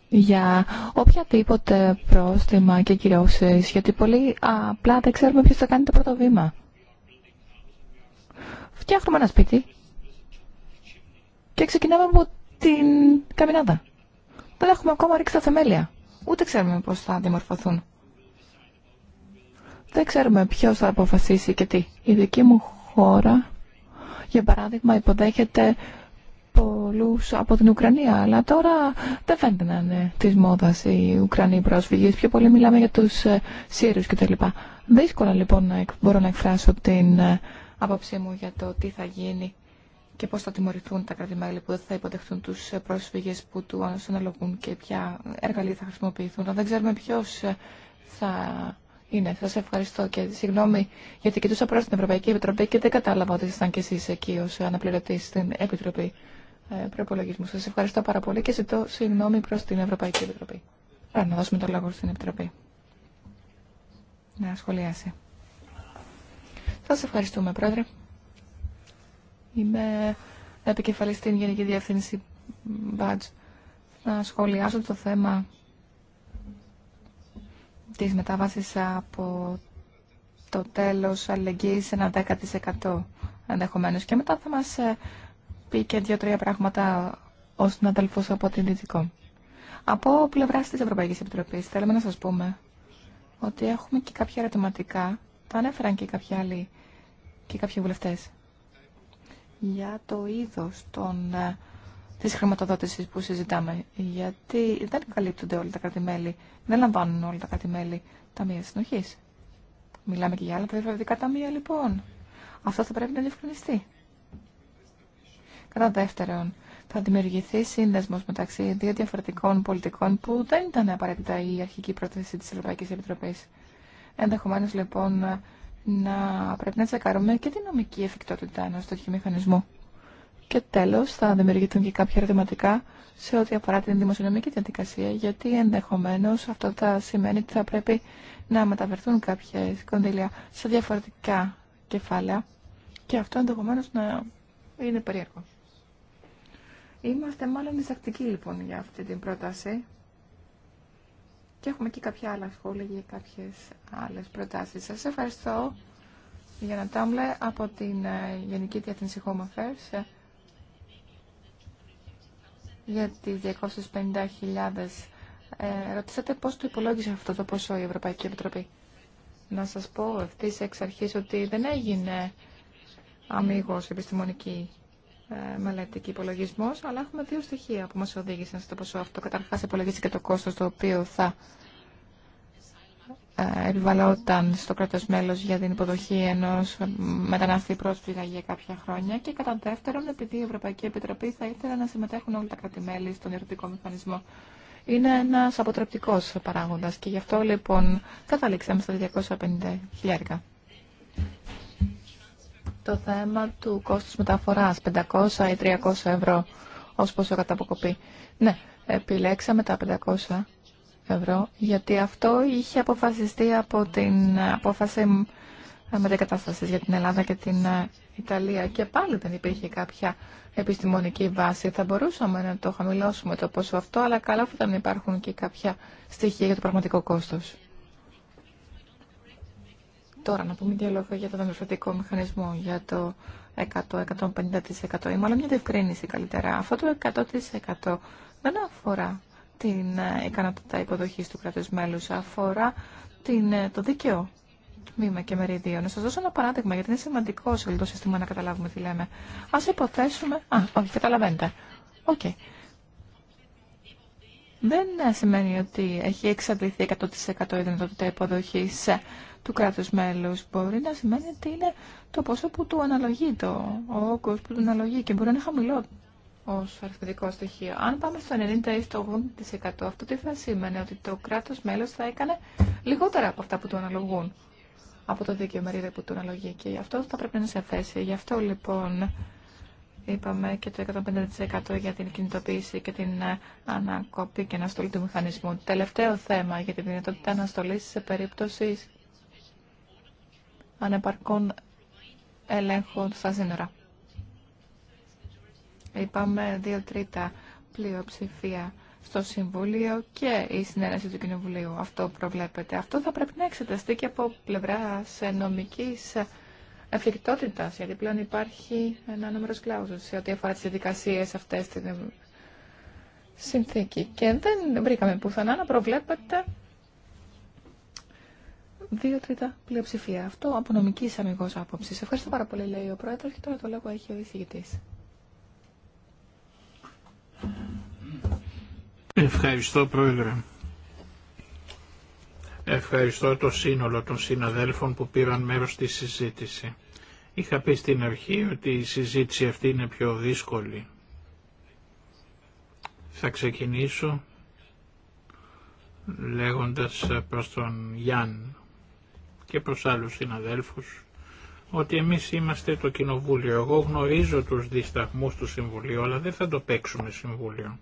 για οποιαδήποτε πρόστιμα και κυρώσεις, γιατί πολύ απλά δεν ξέρουμε ποιος θα κάνει το πρώτο βήμα. Φτιάχνουμε ένα σπίτι και ξεκινάμε από την καμινάδα. Δεν έχουμε ακόμα ρίξει τα θεμέλια. Ούτε ξέρουμε πώς θα διαμορφωθούν. Δεν ξέρουμε ποιος θα αποφασίσει και τι. Η δική μου χώρα, για παράδειγμα, υποδέχεται πολλούς από την Ουκρανία, αλλά τώρα δεν φαίνεται να είναι της μόδας οι Ουκρανοί πρόσφυγες. Πιο πολύ μιλάμε για τους ε, Σύριους κτλ. Δύσκολα λοιπόν μπορώ να εκφράσω την ε, άποψή μου για το τι θα γίνει και πώς θα τιμωρηθούν τα κρατημέλη που δεν θα υποδεχτούν τους πρόσφυγες που του αναλογούν και ποια εργαλεία θα χρησιμοποιηθούν. Δεν ξέρουμε ποιος ε, θα είναι. Σας ευχαριστώ και συγγνώμη γιατί κοιτούσα προς την Ευρωπαϊκή Επιτροπή και δεν κατάλαβα ότι ήσασταν και εσείς εκεί ως αναπληρωτής στην Επιτροπή ε, Προπολογισμού. Σας ευχαριστώ πάρα πολύ και ζητώ συγγνώμη προς την Ευρωπαϊκή Επιτροπή. Άρα να δώσουμε το λόγο στην Επιτροπή. Να σχολιάσει. Θα σα ευχαριστούμε, Πρόεδρε. Είμαι επικεφαλή στην Γενική Διεύθυνση Μπάτζ. Θα σχολιάσω το θέμα της μετάβασης από το τέλος αλληλεγγύης σε ένα 10% ενδεχομένως. Και μετά θα μας ε, πει και δύο-τρία πράγματα ως συναδελφός από την Δυτικό. Από πλευρά της Ευρωπαϊκής Επιτροπής θέλουμε να σας πούμε ότι έχουμε και κάποια ερωτηματικά, τα ανέφεραν και κάποιοι άλλοι και κάποιοι βουλευτές για το είδος των, ε, της χρηματοδότησης που συζητάμε. Γιατί δεν καλύπτονται όλα τα κρατημέλη, δεν λαμβάνουν όλα τα κρατημέλη ταμεία συνοχής. Μιλάμε και για άλλα περιβαλλοντικά ταμεία λοιπόν. Αυτό θα πρέπει να διευκρινιστεί. Κατά δεύτερον, θα δημιουργηθεί σύνδεσμος μεταξύ δύο διαφορετικών πολιτικών που δεν ήταν απαραίτητα η αρχική πρόθεση της Ευρωπαϊκής Επιτροπής. Ενδεχομένως λοιπόν να πρέπει να τσεκάρουμε και τη νομική εφικτότητα ενό τέτοιου μηχανισμού. Και τέλο, θα δημιουργηθούν και κάποια ερωτηματικά σε ό,τι αφορά την δημοσιονομική διαδικασία, γιατί ενδεχομένω αυτό θα σημαίνει ότι θα πρέπει να μεταβερθούν κάποιε κονδύλια σε διαφορετικά κεφάλαια και αυτό ενδεχομένω να είναι περίεργο. Είμαστε μάλλον διστακτικοί λοιπόν για αυτή την πρόταση. Και έχουμε και κάποια άλλα σχόλια για κάποιες άλλες προτάσεις. Σας ευχαριστώ για να τάμλε από την ε, Γενική την Home Affairs ε, για τις 250.000. Ε, ρωτήσατε πώς το υπολόγισε αυτό το ποσό η Ευρωπαϊκή Επιτροπή. Να σας πω ευθύς εξ αρχής ότι δεν έγινε αμίγως επιστημονική ε, μελέτη και υπολογισμό, αλλά έχουμε δύο στοιχεία που μα οδήγησαν στο ποσό αυτό. Καταρχά, υπολογίστηκε το κόστο το οποίο θα ε, επιβαλλόταν στο κράτο μέλο για την υποδοχή ενό ε, μεταναστή πρόσφυγα για κάποια χρόνια. Και κατά δεύτερον, επειδή η Ευρωπαϊκή Επιτροπή θα ήθελε να συμμετέχουν όλα τα κράτη-μέλη στον ερωτικό μηχανισμό. Είναι ένα αποτρεπτικό παράγοντα και γι' αυτό λοιπόν καταλήξαμε στα 250.000 χιλιάρικα το θέμα του κόστους μεταφοράς, 500 ή 300 ευρώ ως πόσο καταποκοπεί. Ναι, επιλέξαμε τα 500 ευρώ γιατί αυτό είχε αποφασιστεί από την απόφαση μετακατάστασης για την Ελλάδα και την ε, Ιταλία και πάλι δεν υπήρχε κάποια επιστημονική βάση. Θα μπορούσαμε να το χαμηλώσουμε το πόσο αυτό, αλλά καλά θα ήταν να υπάρχουν και κάποια στοιχεία για το πραγματικό κόστος. Τώρα να πούμε δύο λόγια για το δανειοδοτικό μηχανισμό, για το 100-150% ή μάλλον μια διευκρίνηση καλύτερα. Αυτό το 100% δεν αφορά την ε, ικανότητα υποδοχή του κράτου μέλους, αφορά την, ε, το δίκαιο τμήμα και μερίδιο. Να σα δώσω ένα παράδειγμα, γιατί είναι σημαντικό σε όλο το σύστημα να καταλάβουμε τι λέμε. Α υποθέσουμε. Α, όχι, καταλαβαίνετε. Okay. Δεν σημαίνει ότι έχει εξαντληθεί 100% η δυνατότητα υποδοχή ε, του κράτους μέλους. Μπορεί να σημαίνει ότι είναι το ποσό που του αναλογεί, το, ο όγκος που του αναλογεί και μπορεί να είναι χαμηλό ως αριθμητικό στοιχείο. Αν πάμε στο 90% ή στο 80% αυτό τι θα σημαίνει ότι το κράτος μέλος θα έκανε λιγότερα από αυτά που του αναλογούν από το δίκαιο μερίδιο που του αναλογεί και γι' αυτό θα πρέπει να είναι σε θέση. Γι' αυτό λοιπόν είπαμε και το 150% για την κινητοποίηση και την ε, ανακοπή και αναστολή του μηχανισμού. Τελευταίο θέμα για τη δυνατότητα αναστολής σε περίπτωση ανεπαρκών ελέγχων στα σύνορα. Είπαμε δύο τρίτα πλειοψηφία στο Συμβούλιο και η συνένεση του Κοινοβουλίου. Αυτό προβλέπεται. Αυτό θα πρέπει να εξεταστεί και από πλευρά νομική εφικτότητα, γιατί πλέον υπάρχει ένα νούμερο κλάουζο σε ό,τι αφορά τι διαδικασίε αυτέ στην συνθήκη. Και δεν βρήκαμε πουθενά να προβλέπεται δύο τρίτα πλειοψηφία. Αυτό από νομική αμυγό άποψη. Ευχαριστώ πάρα πολύ, λέει ο Πρόεδρο, και τώρα το λόγο έχει ο εισηγητή. Ευχαριστώ, Πρόεδρε. Ευχαριστώ το σύνολο των συναδέλφων που πήραν μέρος στη συζήτηση. Είχα πει στην αρχή ότι η συζήτηση αυτή είναι πιο δύσκολη. Θα ξεκινήσω λέγοντας προς τον Γιάνν και προς άλλους συναδέλφους ότι εμείς είμαστε το Κοινοβούλιο. Εγώ γνωρίζω τους δισταγμούς του Συμβουλίου, αλλά δεν θα το παίξουμε Συμβούλιο.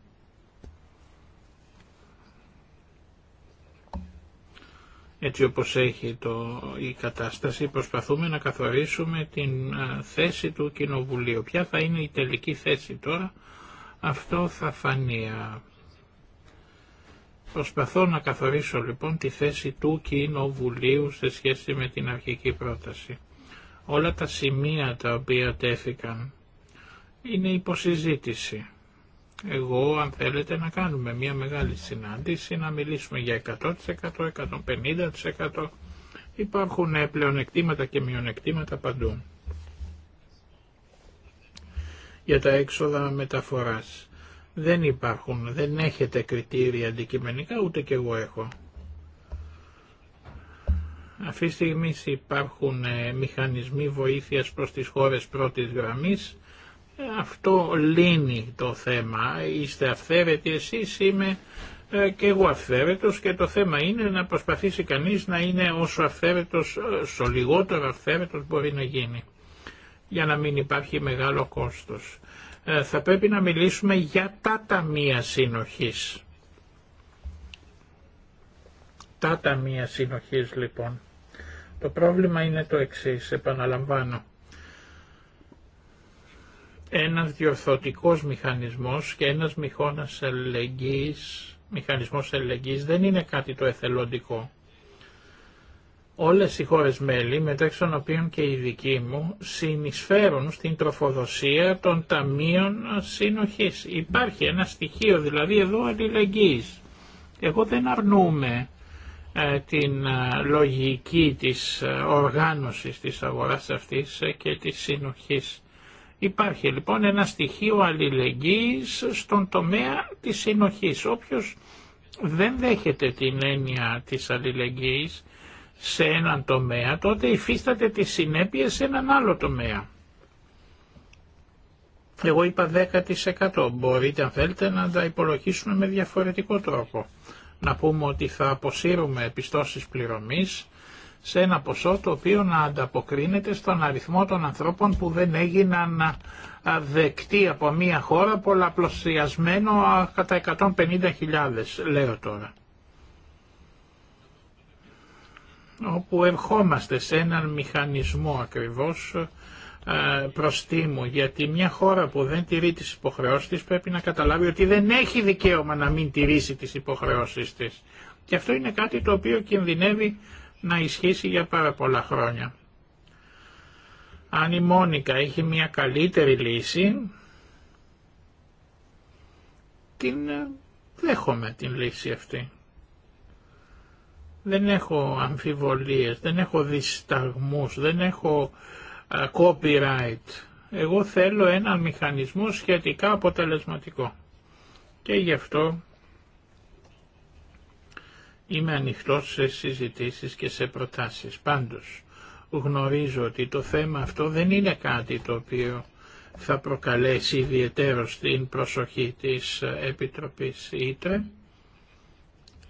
Έτσι όπως έχει το, η κατάσταση προσπαθούμε να καθορίσουμε την θέση του Κοινοβουλίου. Ποια θα είναι η τελική θέση τώρα, αυτό θα φανεί Προσπαθώ να καθορίσω λοιπόν τη θέση του Κοινοβουλίου σε σχέση με την αρχική πρόταση. Όλα τα σημεία τα οποία τέθηκαν είναι υποσυζήτηση. Εγώ αν θέλετε να κάνουμε μια μεγάλη συνάντηση, να μιλήσουμε για 100%, 150%. Υπάρχουν ε, πλεονεκτήματα και μειονεκτήματα παντού. Για τα έξοδα μεταφοράς. Δεν υπάρχουν, δεν έχετε κριτήρια αντικειμενικά, ούτε και εγώ έχω. Αυτή τη στιγμή υπάρχουν ε, μηχανισμοί βοήθειας προς τις χώρες πρώτης γραμμής. Ε, αυτό λύνει το θέμα. Είστε αυθαίρετοι εσείς, είμαι ε, και εγώ αυθαίρετος και το θέμα είναι να προσπαθήσει κανείς να είναι όσο αυθαίρετος, στο λιγότερο αυθαίρετος μπορεί να γίνει για να μην υπάρχει μεγάλο κόστος. Ε, θα πρέπει να μιλήσουμε για τα ταμεία συνοχής. Τα ταμεία συνοχής λοιπόν. Το πρόβλημα είναι το εξής, επαναλαμβάνω. Ένας διορθωτικός μηχανισμός και ένας μηχώνας ελεγγύης, μηχανισμός ελεγγύης δεν είναι κάτι το εθελοντικό. Όλες οι χώρες μέλη, μεταξύ των οποίων και οι δικοί μου, συνεισφέρουν στην τροφοδοσία των ταμείων συνοχής. Υπάρχει ένα στοιχείο δηλαδή εδώ αλληλεγγύης. Εγώ δεν αρνούμαι ε, την ε, λογική της ε, οργάνωσης της αγοράς αυτής και της συνοχής. Υπάρχει λοιπόν ένα στοιχείο αλληλεγγύης στον τομέα της συνοχής. Όποιος δεν δέχεται την έννοια της αλληλεγγύης σε έναν τομέα, τότε υφίσταται τις συνέπειες σε έναν άλλο τομέα. Εγώ είπα 10%. Μπορείτε αν θέλετε να τα υπολογίσουμε με διαφορετικό τρόπο. Να πούμε ότι θα αποσύρουμε επιστώσεις πληρωμής σε ένα ποσό το οποίο να ανταποκρίνεται στον αριθμό των ανθρώπων που δεν έγιναν δεκτοί από μια χώρα πολλαπλωσιασμένο κατά 150.000 λέω τώρα. όπου ερχόμαστε σε έναν μηχανισμό ακριβώς ε, προστίμου, γιατί μια χώρα που δεν τηρεί τις υποχρεώσεις της πρέπει να καταλάβει ότι δεν έχει δικαίωμα να μην τηρήσει τις υποχρεώσεις της. Και αυτό είναι κάτι το οποίο κινδυνεύει να ισχύσει για πάρα πολλά χρόνια. Αν η Μόνικα έχει μια καλύτερη λύση, την ε, δέχομαι την λύση αυτή. Δεν έχω αμφιβολίες, δεν έχω δισταγμούς, δεν έχω copyright. Εγώ θέλω έναν μηχανισμό σχετικά αποτελεσματικό. Και γι' αυτό είμαι ανοιχτός σε συζητήσεις και σε προτάσεις. Πάντως γνωρίζω ότι το θέμα αυτό δεν είναι κάτι το οποίο θα προκαλέσει ιδιαίτερο στην προσοχή της Επιτροπής ΙΤΡΕ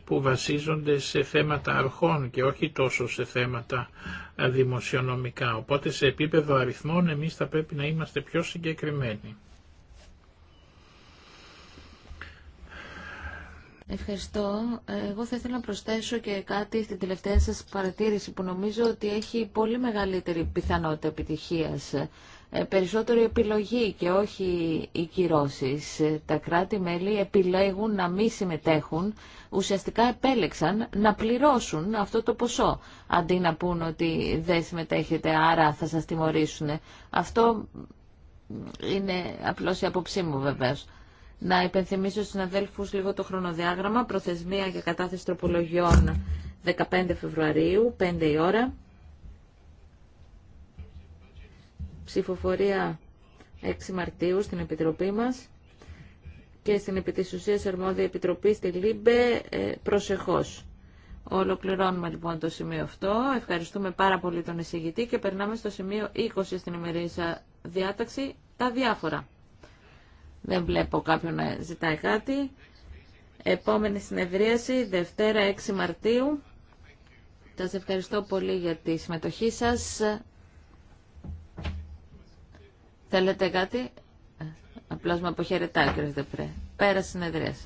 που βασίζονται σε θέματα αρχών και όχι τόσο σε θέματα δημοσιονομικά. Οπότε σε επίπεδο αριθμών εμείς θα πρέπει να είμαστε πιο συγκεκριμένοι. Ευχαριστώ. Εγώ θα ήθελα να προσθέσω και κάτι στην τελευταία σας παρατήρηση που νομίζω ότι έχει πολύ μεγαλύτερη πιθανότητα επιτυχίας ε, περισσότερη επιλογή και όχι οι κυρώσεις. Ε, τα κράτη-μέλη επιλέγουν να μη συμμετέχουν, ουσιαστικά επέλεξαν να πληρώσουν αυτό το ποσό, αντί να πούν ότι δεν συμμετέχετε, άρα θα σας τιμωρήσουν. Αυτό είναι απλώς η απόψή μου βεβαίως. Να υπενθυμίσω στους αδέλφους λίγο το χρονοδιάγραμμα, προθεσμία για κατάθεση τροπολογιών 15 Φεβρουαρίου, 5 η ώρα. ψηφοφορία 6 Μαρτίου στην Επιτροπή μας και στην επί της αρμόδια Επιτροπή στη ΛΥΜΠΕ ε, προσεχώς. Ολοκληρώνουμε λοιπόν το σημείο αυτό. Ευχαριστούμε πάρα πολύ τον εισηγητή και περνάμε στο σημείο 20 στην ημερήσα διάταξη τα διάφορα. Δεν βλέπω κάποιον να ζητάει κάτι. Επόμενη συνεδρίαση, Δευτέρα 6 Μαρτίου. Σας ευχαριστώ πολύ για τη συμμετοχή σας. Θέλετε κάτι? Ε, απλώς με αποχαιρετάει, κύριε Δεπρέ. Πέρα συνεδρίαση.